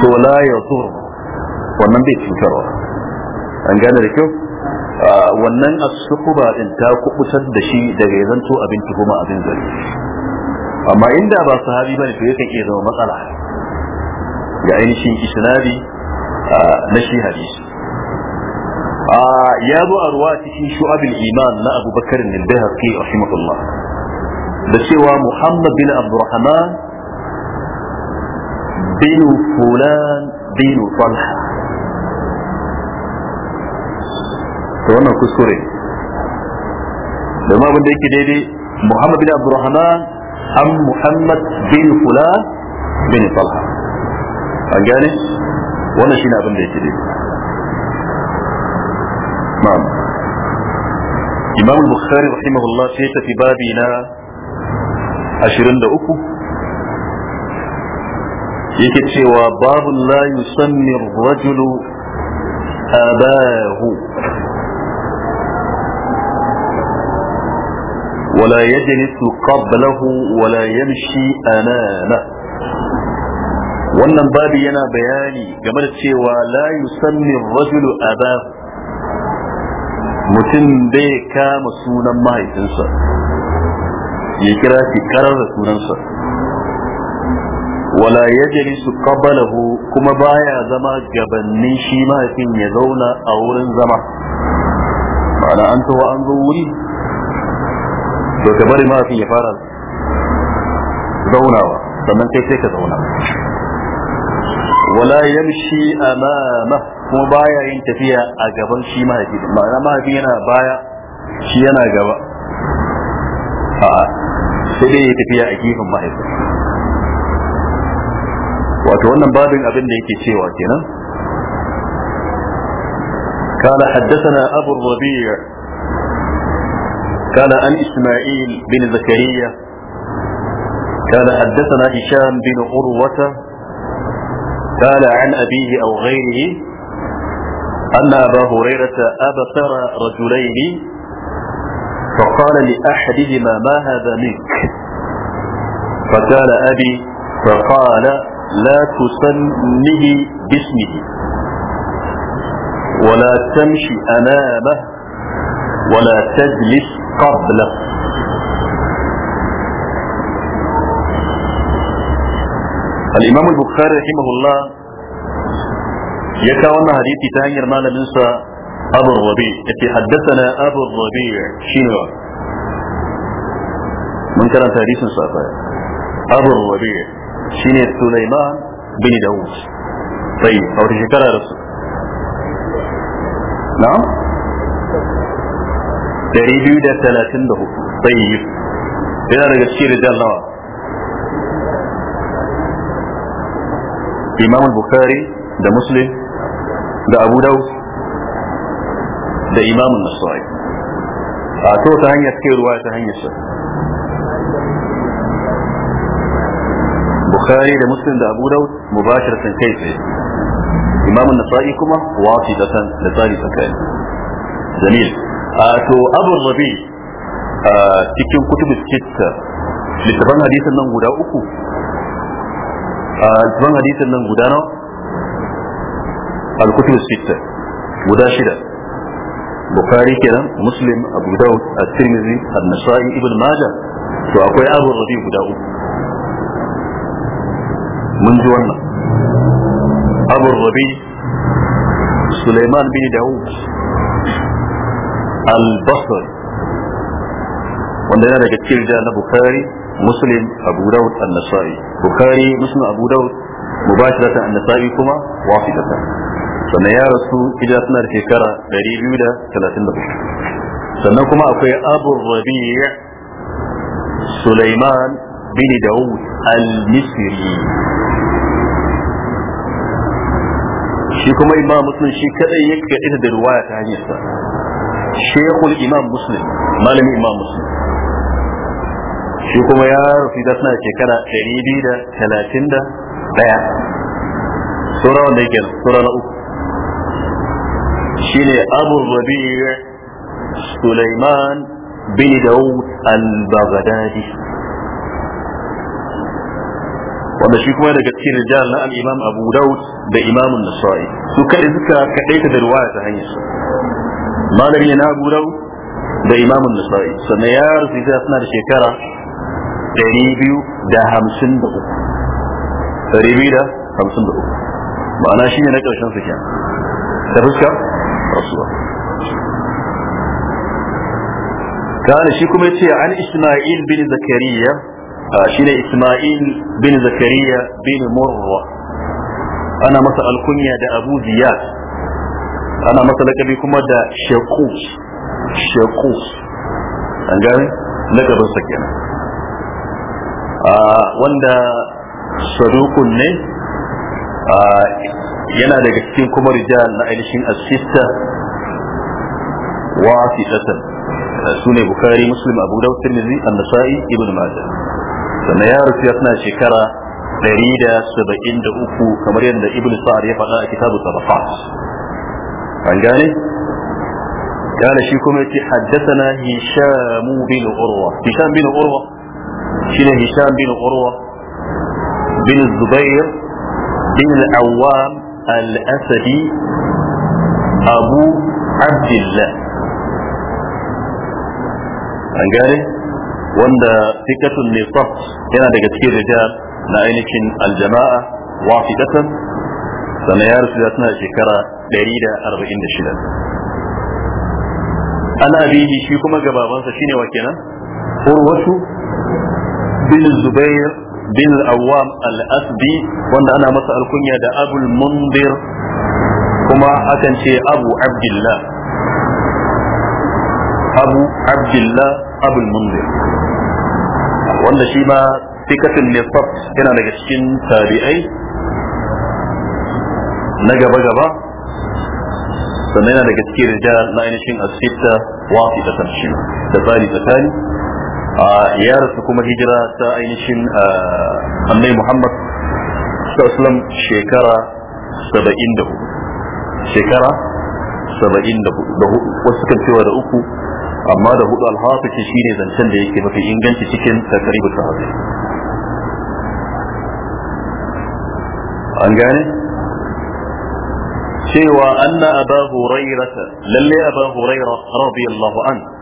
to la ya wannan bai cutarwa an gane da kyau wannan asuhuba din ta kubutar da shi daga ya zanto abin tuhuma abin zari amma inda ba sahabi bane to yakan iya zama matsala ga ainihin isnadi na shi hadisi ya zo a ruwa cikin shu'abil iman na Abu Bakar al-Bayhaqi rahimahullah da cewa muhammad bin abdurrahman bin fulan bin talha to wannan kuskure domin abin da yake daidai muhammad bin abdurrahman an muhammad bin fulan bin talha an gane wannan shine abin da yake daidai ma'am imam bukhari rahimahullah sai ta fi babina ashirin da uku yake cewa babu la yusanni rajulu abahu ولا يجلس قبله ولا يمشي أمامه wannan babi yana bayani game da cewa la yusanni rajulu aba mutum bai kama sunan mahaifinsa ya kira shi karar da sunansa wala ya yajlisu qablahu kuma baya zama gabanin shi mahaifin ya zauna a wurin zama ma'ana an tawa an zo wuri to ka bari mahaifin ya fara zaunawa sannan kai sai ka zauna wala yamshi amama kuma baya yin tafiya a gaban shi mahaifin ma'ana mahaifin yana baya shi yana gaba sai dai ya tafiya a gefen ma'aikata wato wannan babin abin da yake cewa kenan قال حدثنا أبو الربيع قال عن إسماعيل بن زكريا قال حدثنا هشام بن عروة قال عن أبيه أو غيره أن أبا هريرة أبصر رجلين فقال لأحدهما ما هذا منك فقال أبي فقال لا تسمه باسمه ولا تمشي أمامه ولا تجلس قبله الإمام البخاري رحمه الله يكا وانا حديثي تهنير مالا أبو الربيع التي حدثنا أبو الربيع شنو من كان تاريخ صافا أبو الربيع شنو سليمان بن داوود طيب أو تشكر الرسول نعم تريد يدى ثلاثين له طيب إذا أنا قلت رجال إمام البخاري ده مسلم ده أبو داود da imamun nasai a to ta hanyar suke ruwa ta hanyar sa bukhari da muslim da abu daud mubashiratan kai tsaye imamun nasai kuma wasitatan da tsari tsakani jamil a to abu rabi a cikin kutubu sitta littafan hadisan nan guda uku a littafan hadisan nan guda nawa al-kutubu sita guda shida بخاري كلام مسلم ابو داود الترمذي النسائي ابن ماجه واخوي ابو الربيع ابو داود من جوانا ابو الربيع سليمان بن داود البصري وندنا لك التلجة بخاري مسلم ابو داود النسائي بخاري مسلم ابو داود مباشرة النسائي كما واحدة sannan ya rasu hijira suna da shekara 234 sannan kuma akwai abu rabi' suleiman bin daud al-Misri shi kuma imam muslim shi kadai ya ga ita da ruwaya ta hanyarsa shekul imam muslim malamin imam muslim shi kuma ya rufi da suna shekara 231 sura wanda yake sura na uku شيني ابو الربيع سليمان بن داود البغدادي وانا شيكو هذا كثير رجال الامام ابو داود بامام النصائي سكر ذكر كحيث بالرواية هاي ما لدي انا ابو داود بامام النصائي سنيار في ذات نار شكرا تريبيو دا همسن بغو تريبي دا همسن بغو معنا شيني نكو شنسكيان يعني. تفسكر rasuwa kana shi kuma yace an Isma'il bin Zakariya shi ne Isma'il bin Zakariya bin Murra ana masa alkunya da Abu Ziyad ana masa lakabi kuma da Shekus Shaqus an gane lakabin sa kenan wanda sadukun ne yana daga cikin kuma rijal na ainihin asista wa asisatan su ne bukari muslim abu daud tirmidhi an-nasa'i ibnu majah sanan ya rufi yana shekara 173 kamar yadda ibnu sa'ad ya faɗa a kitabu tabaqat an gane kana shi kuma قال شيكم حدثنا هشام بن عروة هشام بن عروة hisham bin urwa bin zubair bin al-awwam Al'asari أبو عبد الله an gane wanda fikatun ne saf yana daga cikin rijal na ainihin aljama'a wafiqatan sannan ya rasu ya tana shekara 146 ana bihi shi kuma gababansa shine wa kenan urwatu bin zubair bin Awam al-asbi wanda ana masa alkunya da abul mundir kuma akan ce abu abdullah abu abdullah abul mundir wanda shi ma fikatun ne yana daga cikin tabi'ai na gaba-gaba sannan yana daga cikin rijal na ainihin asita wafi da tamshi da tsari tsakani ya rasu kuma hijira ta ainihin annai muhammad sallam shekara saba'in da hudu shekara saba'in da hudu wasu kan cewa da uku amma da hudu alhafici shi ne zancen da yake mafi inganci cikin takaribu sahabi an gane cewa anna aba hurairata lalle aba hurairah radiyallahu anhu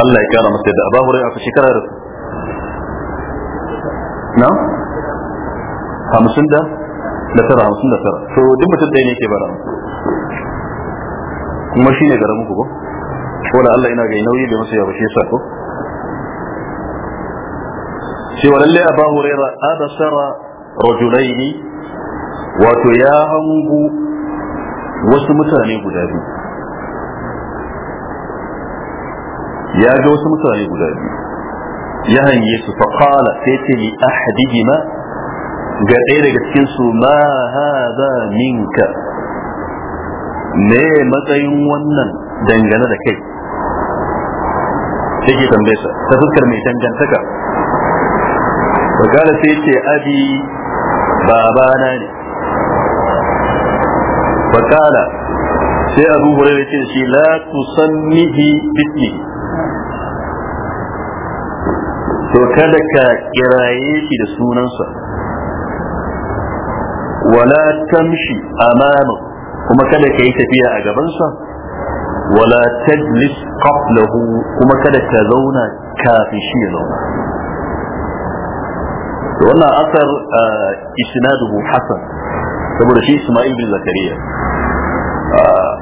Allah ya kara masa da ababu rai a shekara da na hamsin da da tara hamsin da tara to duk mutum ɗaya ne ke bara kuma shi ne gara muku ba ko Allah yana gai nauyi bai masa yawa shi yasa ko cewa lalle abu huraira abasara rajulaini wato ya hangu wasu mutane guda biyu ya ga wasu mutane guda biyu ya hanye su fa qala sai ce li ahadihima ga ɗaya daga cikin su ma hada minka me matsayin wannan dangane da kai yake tambaye sa ta fuskar mai dangantaka fa qala sai ce abi babana ne fa qala sai abu hurairah ce shi la tusannihi bismihi to kada ka kiraye shi da sunansa wala tamshi amama kuma kada ka yi tafiya a gabansa wala tajlis qablahu kuma kada ka zauna kafin shi ya zauna wannan asar isnaduhu hasan saboda shi Ismail bin Zakariya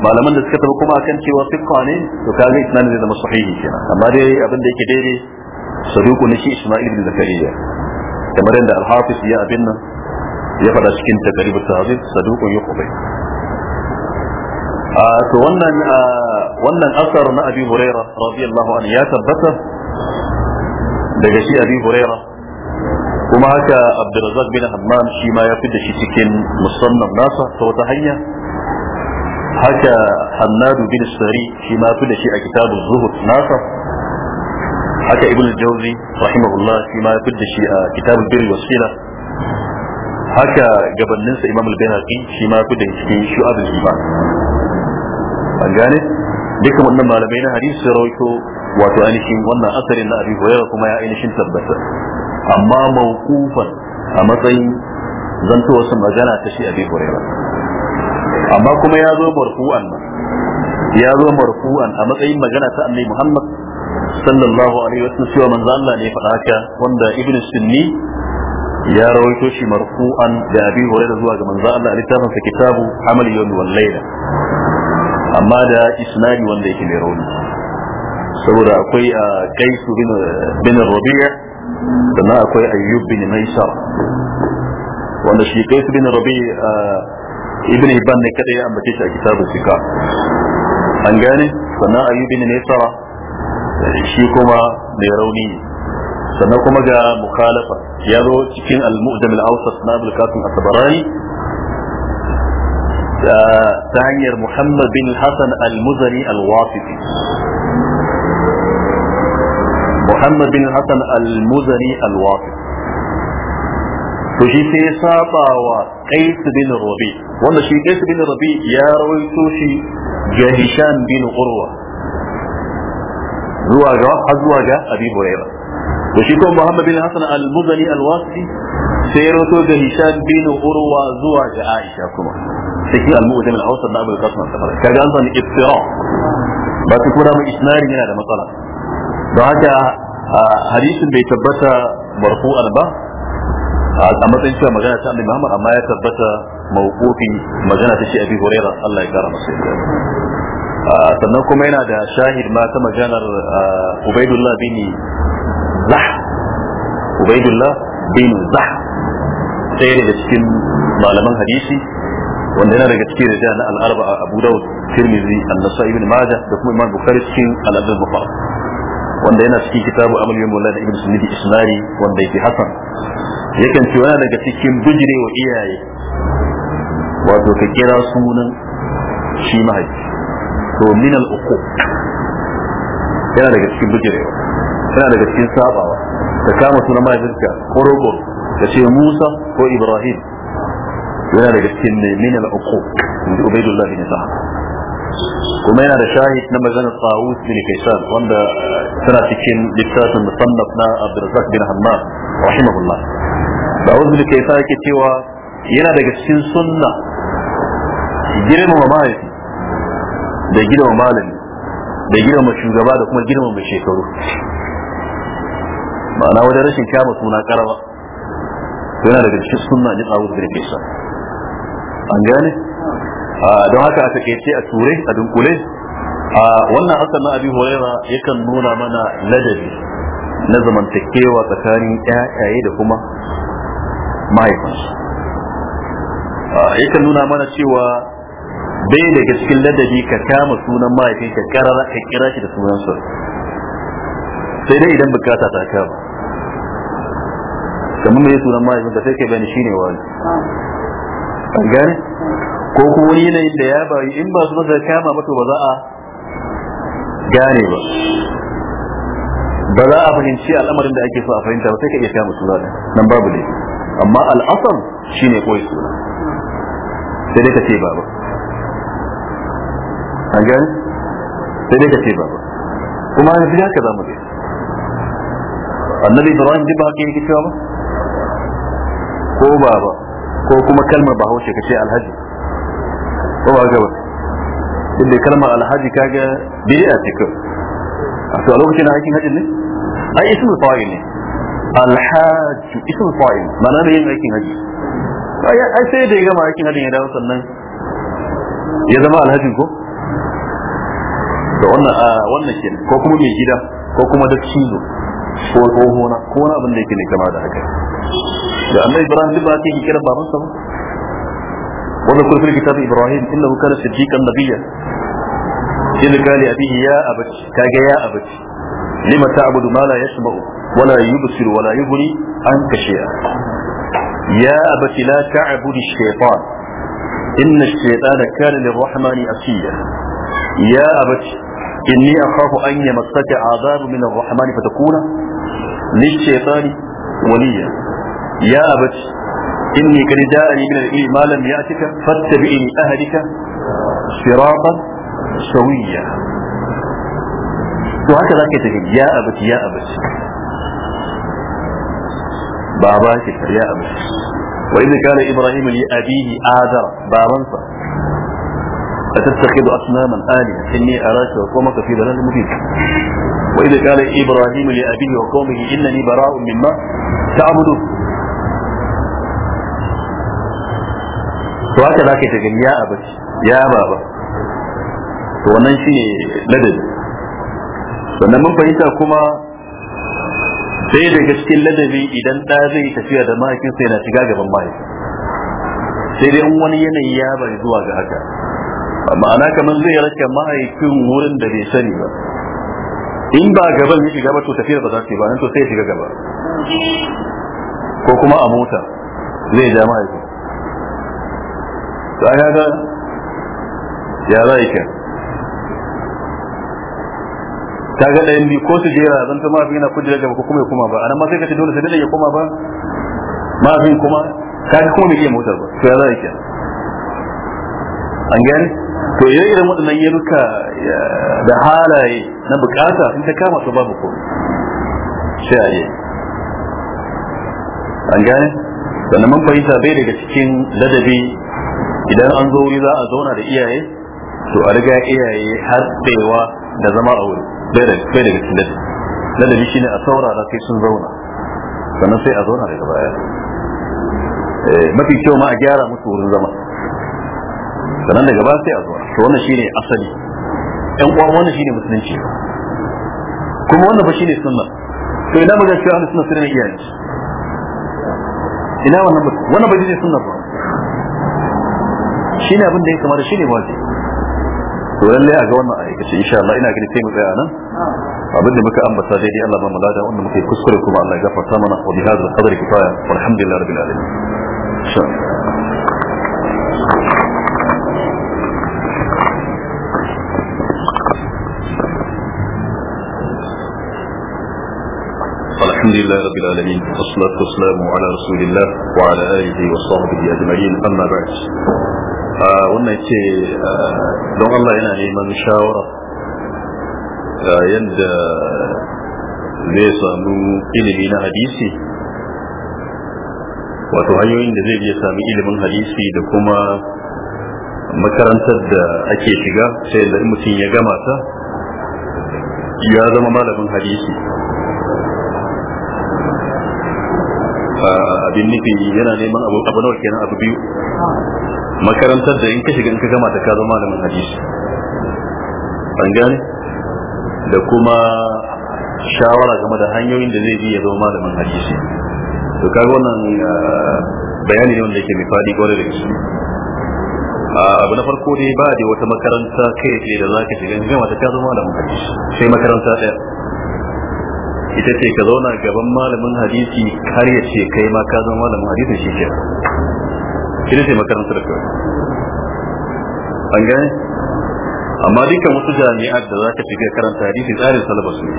malaman da suka tafi kuma akan cewa fiqa ne to kaga isnadin da zama sahihi kenan amma dai abin da yake daidai صديق نشي إسماعيل بن زكريا كما عند الحافظ يا أبنا يفضل سكين تقريب التعظيم صديق يقضي آه، وانا وانا آه، أثر ما أبي هريرة رضي الله عنه يا ثبت لجسي أبي هريرة وما هكا عبد الرزاق بن همام شيما يفيد شي سكين مصنف ناسا فوتهيا هكا حناد بن السري شيما يفيد شي كتاب الزهد ناسا haka ibn al-jawzi rahimahullah shi ma ya fidda shi a kitabul birri wasila haka gabaninsa imam al-bainaqi shi ma ku da cikin shu'abul iman an gane dukkan wannan malamai na hadisi sun rawaito wato ainihin wannan asarin na abi hurairah kuma ya ainihin tabbata amma mawqufan a matsayin zanto wasu magana ta shi abi hurairah amma kuma ya zo marfu'an ya zo marfu'an a matsayin magana ta annabi muhammad صلى الله عليه وسلم سوى من ظن أن يفعلك وند ابن السني يا رويت شي مرفوعا لأبي هريرة زوى من ظن أن يفعلك في كتابه عمل يوم والليلة أما دا إسناد وند إكلي روني سورة أقوي كيس بن, بن الربيع سنة أقوي أيوب بن ميسر وند شي كيس بن الربيع ابن ابن كتير أما تيش كتابه سكا أنجاني سنة أيوب بن ميسر shi kuma mai rauni sannan kuma ga mukhalafa ya zo cikin al-mu'jam al-awsat na Abdul Qasim at-Tabarani ta hanyar Muhammad bin Hassan al-Muzani al-Wasiti Muhammad bin Hassan al-Muzani al-Wasiti to shi sai ya saba wa Qais bin Rabi wanda shi Qais bin Rabi ya rawaito shi ga Hisham bin Urwa zuwa ga har zuwa ga abi huraira to shi ko muhammad bin hasan al-muzani al-wasi sai ya rato da hisham bin urwa zuwa ga aisha kuma cikin al-mu'jam al-awsat da abul qasim al-safar kaga an san iftira ba su kuma mu isnadin yana da matsala don haka hadisin bai tabbata marfu'an ba a matsayin cewa magana ta annabi Muhammad amma ya tabbata mawqufi magana ta shi Abi Hurairah Allah ya kara masa yarda Ah, sannan kuma yana da shahid ma ta maganar ah, ubaidullah bin zah ubaidullah bin zah ɗaya daga cikin malaman hadisi wanda yana daga cikin rija na al'arba a abu dawud tirmizi annasa ibn maja da kuma imam bukari cikin al'adar bukar wanda yana cikin kitabu amal yin mulla da ibn sunnidi isnari wanda yake hasan yakan ce wani daga cikin bijire wa iyaye wato ka kira sunan shi mahaifi to min al yana daga cikin bujire yana daga cikin sabawa ta kama sunan mahaifinka ko rogo da ce Musa ko Ibrahim yana daga cikin min al uquq inda Ubaydullah bin Sa'ad kuma yana da shahid na maganar Tawus bin Kaysan wanda tana cikin littafin musannaf na Abdurrazzaq bin Hammam rahimahullah Tawus bin Kaysan yake cewa yana daga cikin sunna girmama mahaifi da girma malami da girma shugaba da kuma girma mai shekaru ma'ana wajen rashin kyama suna karawa yana daga cikin sunna ni tsawo da ke an gane don haka aka takaice a ture a dunkule a wannan asal na abi huraira yakan nuna mana ladabi na zamantakewa tsakanin ƴaƴaye da kuma mahaifansu yakan nuna mana cewa bai daga cikin ladabi ka kama sunan mahaifin ka karara ka kira shi da sunan sa sai dai idan bukata ta kama kamar mai sunan mahaifin ka sai ka gani shine wani an gane ko kuma wani yanayin da ya bayu in ba su masa kama ba maka ba za a gane ba ba za a fahimci al'amarin da ake so a fahimta ba sai ka iya kama sunan nan babu ne amma al'asar shine koyi sunan. sai dai ka ce ba. an gani sai dai ka ce ba kuma an fi haka za mu je annabi ibrahim duk ba haka yake cewa ba ko baba ko kuma kalmar bahaushe ka ce alhaji ko ba haka ba inda kalmar alhaji kaga bid'a ce ko a to a lokacin aikin hajji ne ai ismul fa'il ne alhaji ismul fa'il ma'ana da yin aikin hajji ai sai da ya gama aikin hajji ya dawo sannan ya zama alhajin ko da wannan wannan ke ko kuma mai gida ko kuma da cizo ko tsohona ko wani abin da yake ne kama da haka da annabi ibrahim duk ba ta yi kiran babansa ba wannan kuma fil kitabu ibrahim innahu kana siddiqan nabiyya in kali abihi ya abaci kage ya abaci lima ta'budu ma la yasma'u wala yubsiru wala yughni an kashe ya abati la ta'budu ash-shaytan inna ash-shaytana kana lir-rahmani asiya ya abaci. inni akhafu an yamassaka azabu min ar-rahman fatakuna lish-shaytani waliya ya abati inni qad ja'ani min al-ilmi ma lam ya'tika fattabi'ni ahdika siratan sawiyya to haka zaka tafi ya abati ya abati baba ki ya abati wa idh kana ibrahim li abihi adara babansa أتتخذ أصناما آلهة إني أراك وقومك في ضلال مبين وإذا قال إبراهيم لأبيه وقومه إنني براء مما تعبدون وهكذا كتجن يا أبت يا بابا wannan shi ne ladabi sannan mun fahimta kuma sai daga cikin ladabi idan ɗa zai tafiya da mahaifinsa yana shiga gaban mahaifi sai dai in wani yanayi ya bari zuwa ga haka ma'ana kamar zai rake mahaifin wurin da bai sani ba in ba gaban ya shiga ba to tafiyar ba za ta yi ba nan to sai ya shiga gaba ko kuma a mota zai ja mahaifin ta ga ya za yi ta ga ɗayan biyu ko su jera zan ta mafi yana kujera gaba ko kuma ya koma ba nan ma sai ka ce dole sai dole ya koma ba mafin kuma ka kuma mai iya motar ba to ya za a an gani to yayin irin waɗannan yaruka da halaye na bukata in ta kama su babu ko sai a yi an gane sannan mun fahimta bai daga cikin ladabi idan an zo wuri za a zauna da iyaye to a riga iyaye har tsewa da zama a wuri bai daga cikin ladabi ladabi shine a saurara sai sun zauna sannan sai a zauna daga baya eh, mafi kyau ma a gyara musu wurin zama sannan daga ba sai a zuwa to wannan shine asali ɗan uwan wannan shine musulunci kuma wannan ba shine sunna to ina muka cewa ahlus sunna sunna iyaye ina wannan ba wannan ba shine sunna ba shine abin da ya kamata shine wajibi to lalle a ga wannan aikace insha Allah ina gani sai mu tsaya nan abin da muka ambata daidai Allah ba mu lada wannan muke kuskure kuma Allah ya gafarta mana wa bi hadha al-qadri kifaya walhamdulillahi rabbil alamin الحمد لله رب العالمين والصلاة والسلام على رسول الله وعلى آله وصحبه أجمعين أما بعد wannan ce ah, don Allah yana neman shawara ah, yadda zai samu ilimi na hadisi wato hanyoyin da zai iya sami ilimin hadisi da kuma makarantar da ake shiga sai da mutum ya gama ta ya zama malamin hadisi abin nufi yana neman abu abu nawa kenan abu biyu makarantar da in ka shiga in ka gama ka zama malamin hadisi an gane da kuma shawara game da hanyoyin da zai bi ya zama malamin hadisi to kaga wannan bayani ne wanda yake mai fadi gore da gaske abu na farko dai ba da wata makaranta kai da za ka shiga in ka gama ka zama malamin hadisi sai makaranta ɗaya ita ce ka zauna gaban malamin hadisi har ya ce kai ma ka zama malamin hadisi shi ke ita ce makarantar kawai an gane amma dukkan wasu jami'ar da za ka shiga karanta hadisi tsarin salabas ne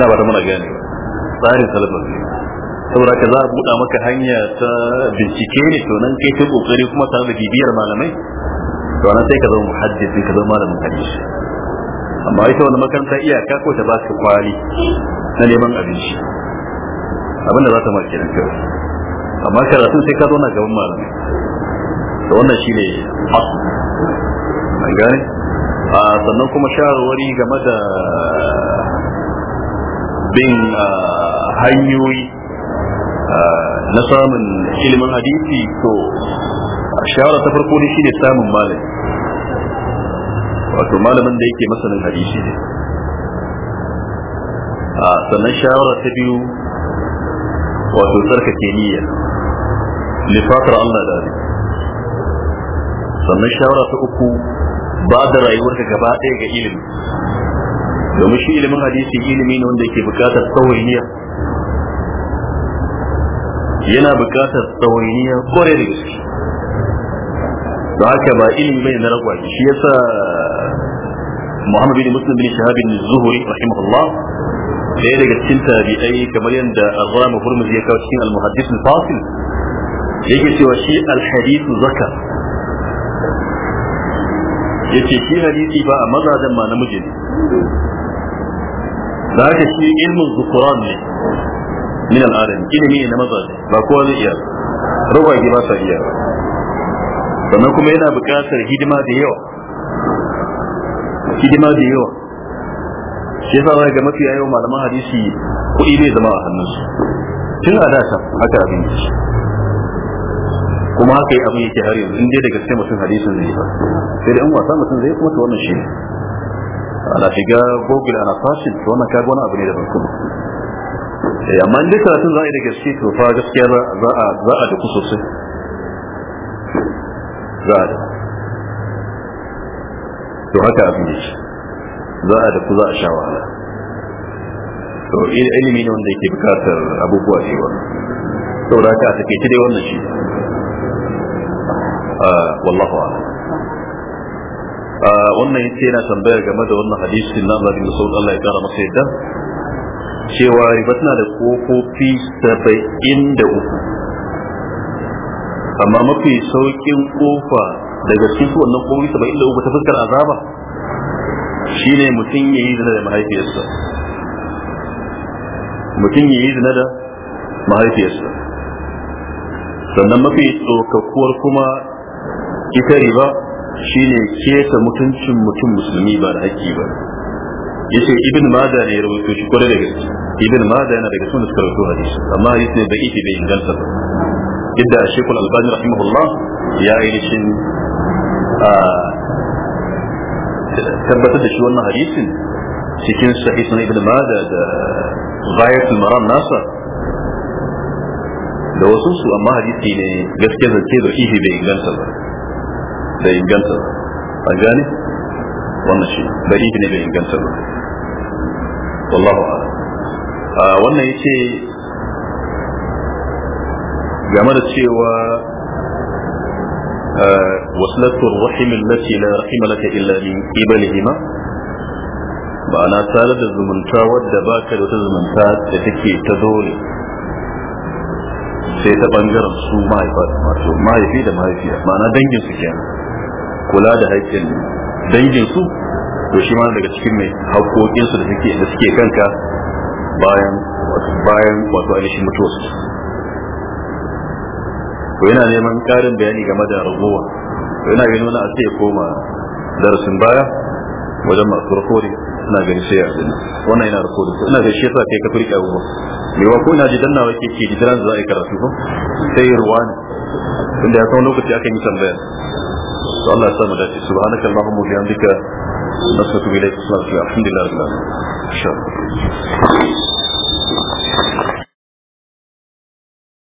ina ba ta mana gane tsarin salabas ne saboda ka za a buɗa maka hanya ta bincike ne to nan kai ta kokari kuma tare da bibiyar malamai to nan sai ka zama muhaddisi ka zama malamin hadisi amma ita wani makaranta iyaka ko ta ba su kwali na neman abinci abin da za ta maki nan kawai amma karatun sai ka zo na gaban malami da wannan shine asu an gane a sannan kuma shawarwari game da bin hanyoyi na samun ilimin hadisi to shawara ta farko ne shine samun malami wato malamin da yake masanin hadisi ne a sannan shawara ta biyu wato tsarkake niyya lifatar Allah da ne sannan shawara ta uku ba da rayuwarka gaba ɗaya ga ilimi domin shi ilimin hadisi ilimi ne wanda yake bukatar tsawainiya yana bukatar tsawainiya kore da gaske da haka ba ilimi bane na ragwa shi yasa Muhammad bin Muslim bin Shahab bin Zuhri rahimahullah ɗaya daga cikin tabi'ai kamar yadda Azram Hurmuz ya kawo cikin al-Muhaddith al-Fasil yake cewa shi al-hadith zaka yace shi hadisi ba a mazajen ma namiji ne da haka shi ilmin zukuran ne min al al'adami ilimi ne na mazaje ba kowa zai iya ragwaje ba sa iya sannan kuma yana buƙatar hidima da yawa hidima da yawa shi yasa ga mafi yawan malaman hadisi kuɗi bai zama a hannunsu tun a dasa haka abin kuma haka yi abin yake har yanzu inda daga da gaske mutum hadisin zai ba sai da yan wasa mutum zai kuma to wannan shi ne ana shiga google ana fashin to wannan kaga wani abu ne da ban kuma eh, amma inda karatun za a yi da gaske to fa gaskiya za a za sosai. za a da to haka abin da shi za a da ku za a sha wahala to ilimi ne wanda yake bukatar abubuwa da yawa da haka a ta dai wannan shi ah, wallahu a'lam ah, wannan yake yana tambaya game da wannan hadisin na Abdullah da Mas'ud Allah ya kara masa yadda cewa riba tana da kofofi saba'in da uku amma mafi saukin kofa daga cikin wannan kofi saba'in da uku ta fuskar azaba shine mutum ya yi zina da mahaifiyarsa mutum ya yi zina da mahaifiyarsa sannan mafi tsokakkuwar kuma ita riba shine keta mutuncin mutum musulmi ba da haƙƙi ba yace ibn majah ne ya rawaito shi kwarai da gaske ibn majah yana daga sunan suka rawaito hadisi amma hadisi ne da yake bai inganta ba duk da shekul albani rahimahullah ya yi shin tabbatar da shi wannan hadisin cikin sahih sunan ibn da ghayatul maram nasa da wasu su amma hadisi ne zance da bai inganta ba bai inganta ba wannan shi bai ne bai inganta ba wallahu a'lam wannan yace game da cewa eh, waslatul rahim allati la rahima laka illa min ba na tare da zumunta wadda ba ka da wata zumunta da take ta dole sai ta bangaren su mahaifa wato mahaifi da mahaifiya ma'ana dangin su kenan kula da haƙƙin dangin su to shi ma daga cikin mai haƙoƙin su da suke kanka bayan bayan wato ainihin su. to yana neman karin bayani game da ragowa to yana gani wani a ce koma darasin baya wajen masu rakori suna gani sai a zina wannan yana su ina da shi yasa kai ka turke abubuwa me wa ko ina ji danna wake ke jiran za a yi karatu ko sai ruwa ne tunda ya san lokaci aka yi tambaya to Allah ya sa mu dace subhanaka allahumma wa bihamdika nasatu ilayka sallallahu alaihi wa alhamdulillah rabbil alamin